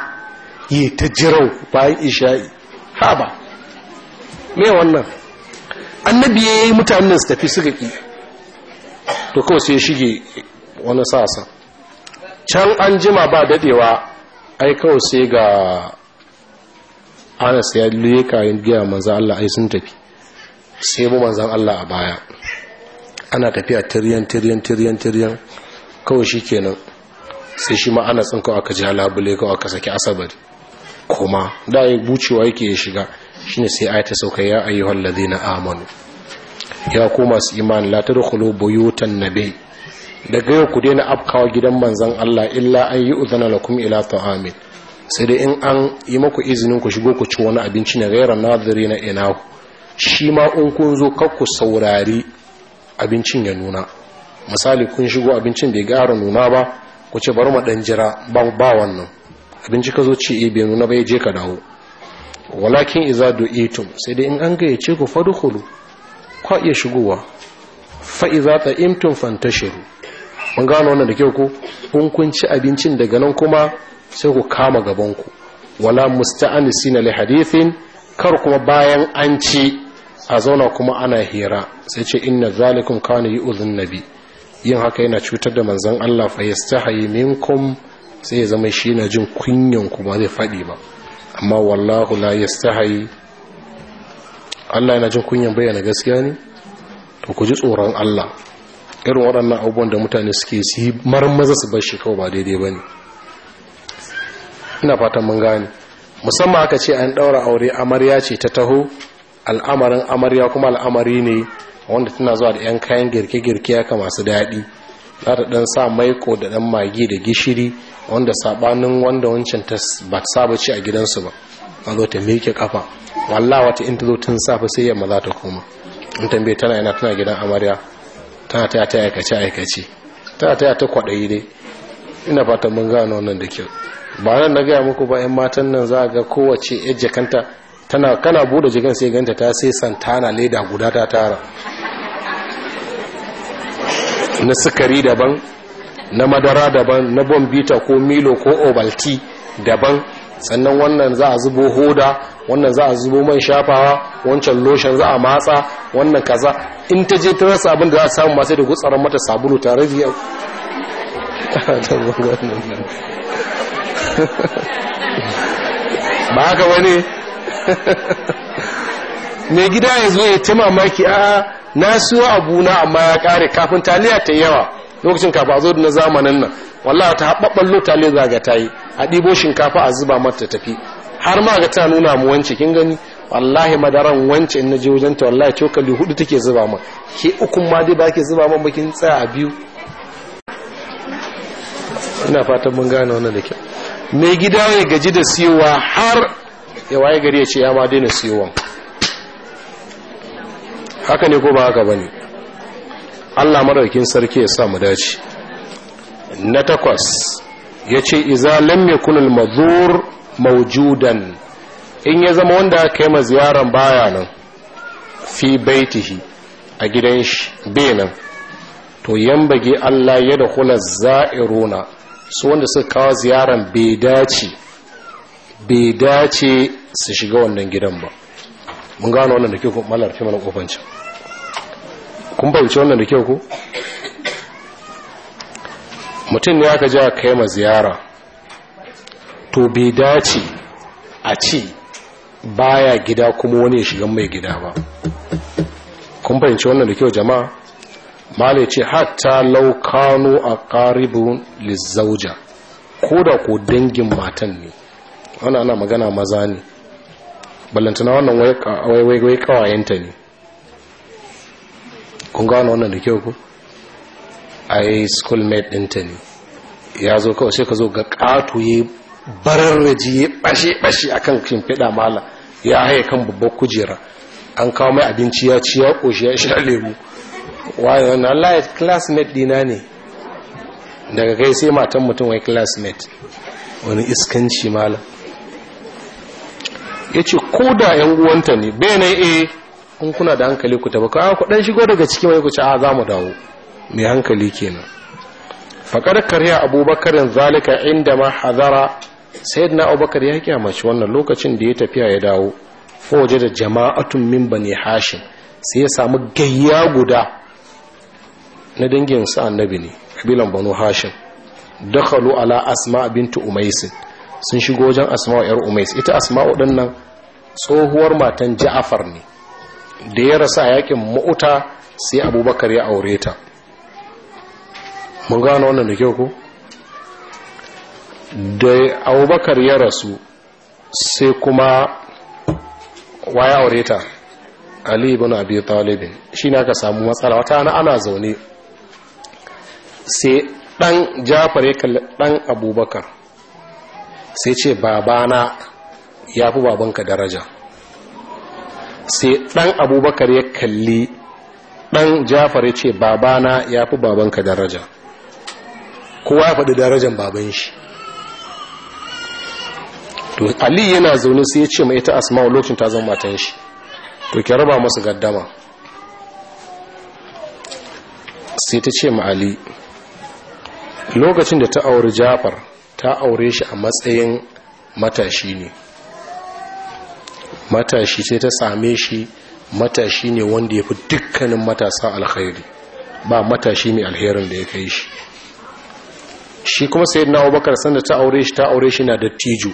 Speaker 1: yi ta jirau bayan isha'i ha ba me wannan annabi ya yi mutanen su tafi suka ƙi to kawai sai shige wani sasa can an jima ba dadewa ai kawai sai ga anas ya leka yin giya manzan Allah ai sun tafi sai bu manzan Allah a baya ana tafiya tiryan tiryan tiryan tiryan kawai shi kenan sai shi ma sun kawai aka ji halabule kawai aka saki asabar. kuma da ya bucewa yake ya shiga shine sai ayata sauka ya ayyuhal ladina amanu ya ku masu imani la tadkhulu buyutan nabi daga yau ku daina afkawa gidan manzon Allah illa an yu'zana lakum ila ta'amin sai dai in an yi maku izinin ku shigo ku ci wani abinci na gairar nazirina na ina shi ma in kun zo kar ku saurari abincin ya nuna misali kun shigo abincin bai gara nuna ba ku ce bari mu dan jira ba wannan abinci ka zo ci e bai nuna ba ya je ka dawo walakin iza du'itum sai dai in an gayyace ku fadkhulu kwa iya shigowa fa'iza ta imtun fantashiru mun gano wannan da kyau ko kun ci abincin daga nan kuma sai ku kama gabanku wala musta'anisina li hadithin kar kuma bayan an ci a zauna kuma ana hira sai ce inna zalikum kana yu'zun nabi yin haka yana cutar da manzon Allah fa yastahi minkum sai ya zama shi na jin kunyan kuma zai fadi ba amma wallahu la yastahi Allah yana jin kunyan bayyana gaskiya ne to ku ji tsoron Allah irin waɗannan abubuwan da mutane suke su yi marmaza su bar shi kawai ba daidai ba ne ina fatan mun gane musamman aka ce an ɗaura aure amarya ce ta taho al'amarin amarya kuma al'amari ne wanda tana zuwa da 'yan kayan girke-girke haka masu daɗi za ta ɗan sa maiko da ɗan magi da gishiri wanda sabanin wanda wancan ta ba saba ci a gidansu ba a zo ta miƙe kafa wallah wata in ta zo tun safe sai yamma za ta koma in tambaye tana yana tana gidan amarya tana taya ta aikace aikace tana taya ta kwaɗayi dai ina fatan mun gano wannan da kyau ba nan na gaya muku ba 'yan matan nan za a ga kowace yar jakanta tana kana bude jikan sai ganta ta sai santana leda guda ta tara na sukari daban na madara daban na bombita ko milo ko obalti daban sannan wannan za a zubo hoda wannan za a zubo man shafawa wancan lotion za a matsa wannan kaza in ta je ta rasa abin da za a samu masu da gutsaran mata sabulu tare da yau ba haka wani mai gida ya zo ya ta mamaki a na abuna amma ya kare kafin taliya ta yawa lokacin kafin a zo da na zamanin nan wallawa ta haɓaɓɓallo taliya ga ta yi a ɗibo shinkafa a zuba mata tafi har ma ga ta nuna mu wance kin gani wallahi madaran wance in naje wajen ta wallahi cokali hudu take zuba ma ke ukun ma dai ba ke zuba ma bakin tsaya a biyu ina fatan mun gane wannan da kyau mai gida ya gaji da siyowa har ya waye gari ya ce ya ma daina siyowa haka ne ko ba haka bane Allah madaukin sarki ya sa mu dace na takwas ya ce iza lamme yakun mazur maujudan in ya zama wanda aka yi ziyaran baya nan fi baitihi a gidan shi benin to yambage Allah ya da kula za'iruna su wanda suka kawo ziyaran bai dace su shiga wannan gidan ba mun gano wannan da kyau kuma mallar mana kofancin kun bauce wannan da kyau ku? mutum ya aka a kai ma ziyara to bai dace a ci baya gida kuma wani ya shiga mai gida ba kun fahimci wannan da kyau jama'a mala ce hatta laukano a karibin lizauja ko da ko dangin matan ne wannan ana magana maza ne ballantana wannan waiwaiwai kawayenta ne kun gano wannan da kyau ku A ai schoolmate ɗinta ne ya zo kawai sai ka zo ga ƙato ya bararraji ya ɓashe-ɓashe a kan shimfiɗa mala ya haye kan babbar kujera an kawo mai abinci ya ci ya ƙoshi ya sha lemu wani wani allah class classmate dina ne daga kai sai matan mutum wai classmate wani iskanci mala ya ce ko da yan uwanta ne bene e eh, in kuna da hankali ku taba kawo ah, ku dan shigo daga ciki mai ku ci a ah, za mu dawo mai hankali kenan faƙar karya abubakarin zalika inda ma hazara sai na abubakar ya kyamaci wannan lokacin da ya tafiya ya dawo fowaje da jama'atun min ne hashin sai ya samu gayya guda na dangin sa annabi ne kabilan banu hashin dakhalu ala asma bintu Umaisi sun shigo wajen asma yar umais ita asma din nan tsohuwar matan ja'afar ne da ya rasa yakin mu'uta sai abubakar ya aure ta mun gano wannan da kyau ko da abubakar ya rasu sai kuma waya aure ta ali ibn abi talib shi ne aka samu matsala wata ana ana zaune sai dan jafar ya kalli dan abubakar sai ce babana ya fi babanka daraja sai dan abubakar ya kalli dan jafar ya ce babana ya fi babanka daraja kowa ya faɗi darajar baban shi to ali yana zaune sai ya ce mai ita asma'u lokacin ta zama matan shi to ki raba masu gaddama sai ta ce ma ali lokacin da ta auri jafar ta aure shi a matsayin matashi ne matashi sai ta same shi matashi ne wanda ya fi dukkanin matasa alkhairi ba matashi mai alherin da ya kai shi shi kuma sai na abubakar sanda ta aure shi ta aure shi na dattijo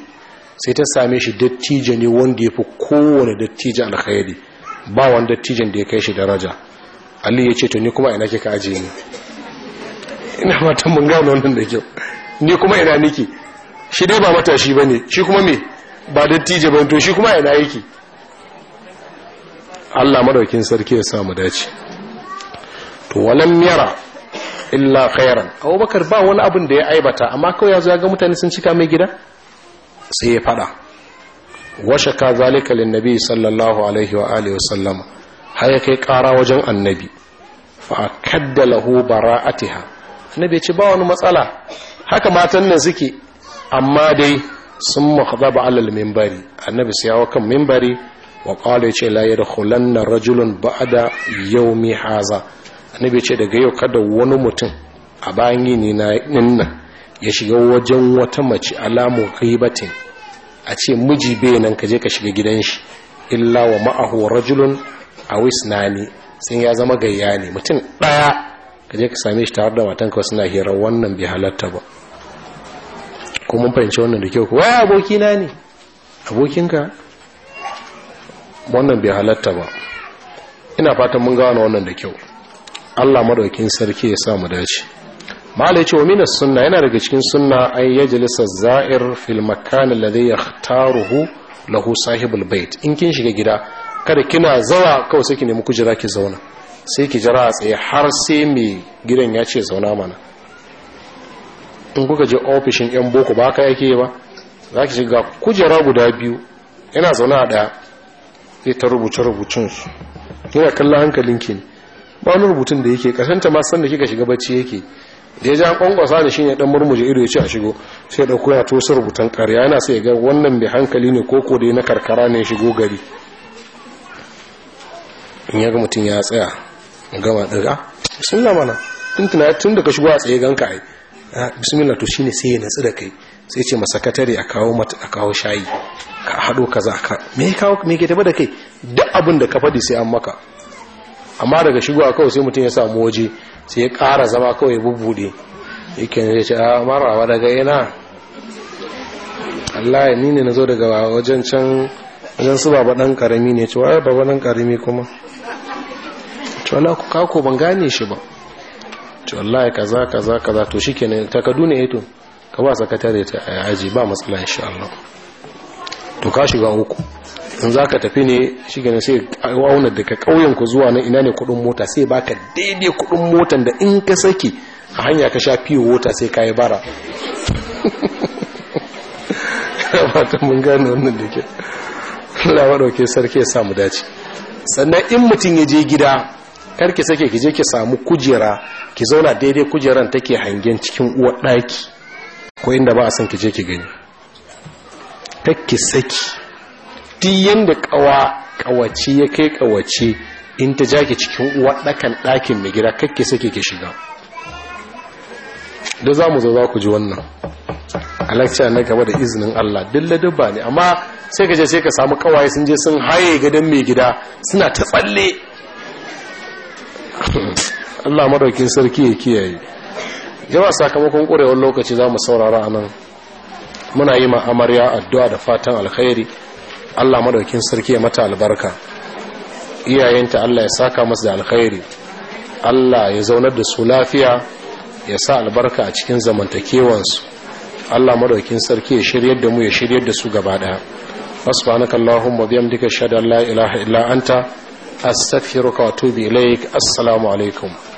Speaker 1: sai ta same shi dattijo ne wanda ya fi kowane dattijo alkhairi ba wani dattijon da ya kai shi daraja ali ya ce to ni kuma ina ka ajiye ni ina matan mun gano wannan da kyau ni kuma ina niki shi dai ba matashi ba ne shi kuma me ba dattijo ba to shi kuma ina yake Allah madaukin sarki ya samu dace to walam yara illa khairan abubakar ba wani abin da ya aibata amma kawai ya zo ya ga mutane sun cika mai gida sai ya fada washe ka zalika linnabi sallallahu alaihi wa alihi wasallam har ya kai kara wajen annabi fa kadda lahu bara'atiha annabi ya ce ba wani matsala haka matan nan suke amma dai sun mahzaba alal minbari annabi sai ya kan minbari wa qala ya ce la yadkhulanna rajulun ba'da yawmi haza annabi ce daga yau kada wani mutum a bayan yini na ya shiga wajen wata mace alamun ribatin a ce miji bai nan ka je ka shiga gidan shi illa wa ma'ahu rajulun a wisnani sun ya zama gayya ne mutum ɗaya ka je ka same shi tare da matanka suna hira wannan bai halatta ba ko mun fahimci wannan da kyau ko wai aboki na ne abokinka wannan bai halatta ba ina fatan mun ga wannan da kyau Allah madaukin sarki ya sa mu dace malai ce wa sunna yana daga cikin sunna an jalisa za'ir fil makan ya yahtaruhu lahu sahibul bait in kin shiga gida kada kina zawa kawai sai ki nemi kujera ki zauna sai ki jira a tsaye har sai mai gidan ya ce zauna mana in kuka je ofishin yan boko ba ka yake ba za ki shiga kujera guda biyu yana zauna a ɗaya zai ta rubuce rubucin su yana kalla hankalinki ne ba wani rubutun da yake kasanta ma san da kika shiga bacci yake da ya ja ƙwanƙwasa da shi ne ɗan murmuje ido ya ce a shigo sai da ya to su rubutan ƙarya yana sai ga wannan mai hankali ne ko ko da na karkara ne shigo gari in yaga mutum ya tsaya gama daga ah, bismillah mana tun tuna tun da ka shigo a tsaye ganka ai ah, bismillah to shine sai ya natsu da kai sai ce masa katare a kawo mata a kawo shayi ka haɗo kaza ka me kawo me ke tafi da kai duk abin da ka faɗi sai an maka amma daga a kawai sai mutum ya samu waje sai ya kara zama kawai bubbuɗe yake ah, ne ce a marawa daga yana Allah ya nini na zo daga wajen can wajen su baba ɗan ƙarami ne cewa ya baba ɗan ƙarami kuma cewa na kako ban gane shi ba cewa Allah ya kaza kaza kaza to shi ta ka ne to ka ba sakatare ta aji ba matsala insha Allah to ka shiga uku in za ka tafi ne shi gane sai auna daga ƙauyenku zuwa na ina ne kuɗin mota sai baka daidai kuɗin motan da in ka saki a hanya ka sha fiye wota sai ka yi bara ta mun gane wannan da ke sarki ya samu dace sannan in mutum ya je gida karki sake ki je ki samu kujera ki zauna daidai kujeran take hangen cikin uwar daki ko inda ba a san ki je ki gani kakki saki duk yanda kawa kawace ya kai kawace in ta jage cikin waɗakan ɗakin mai gida kakke sake ke shiga da za mu zo za ku ji wannan a na gaba da izinin Allah dilla dubba ne amma sai ka je sai ka samu kawaye sun je sun haye gadon mai gida suna ta tsalle Allah madaukin sarki ya kiyaye yawa sakamakon ƙurewar lokaci za mu saurara a nan muna yi ma amarya addu'a da fatan alkhairi Allah madaukin sarki ya mata albarka iyayenta Allah ya saka masu da alkhairi Allah ya zaunar da su lafiya ya sa albarka a cikin zamantakewansu Allah madaukin sarki ya shiryar da mu ya shiryar da su gaba daya subhanaka allahumma bihamdika shada la ilaha illa anta astaghfiruka wa atubu ilaik assalamu alaikum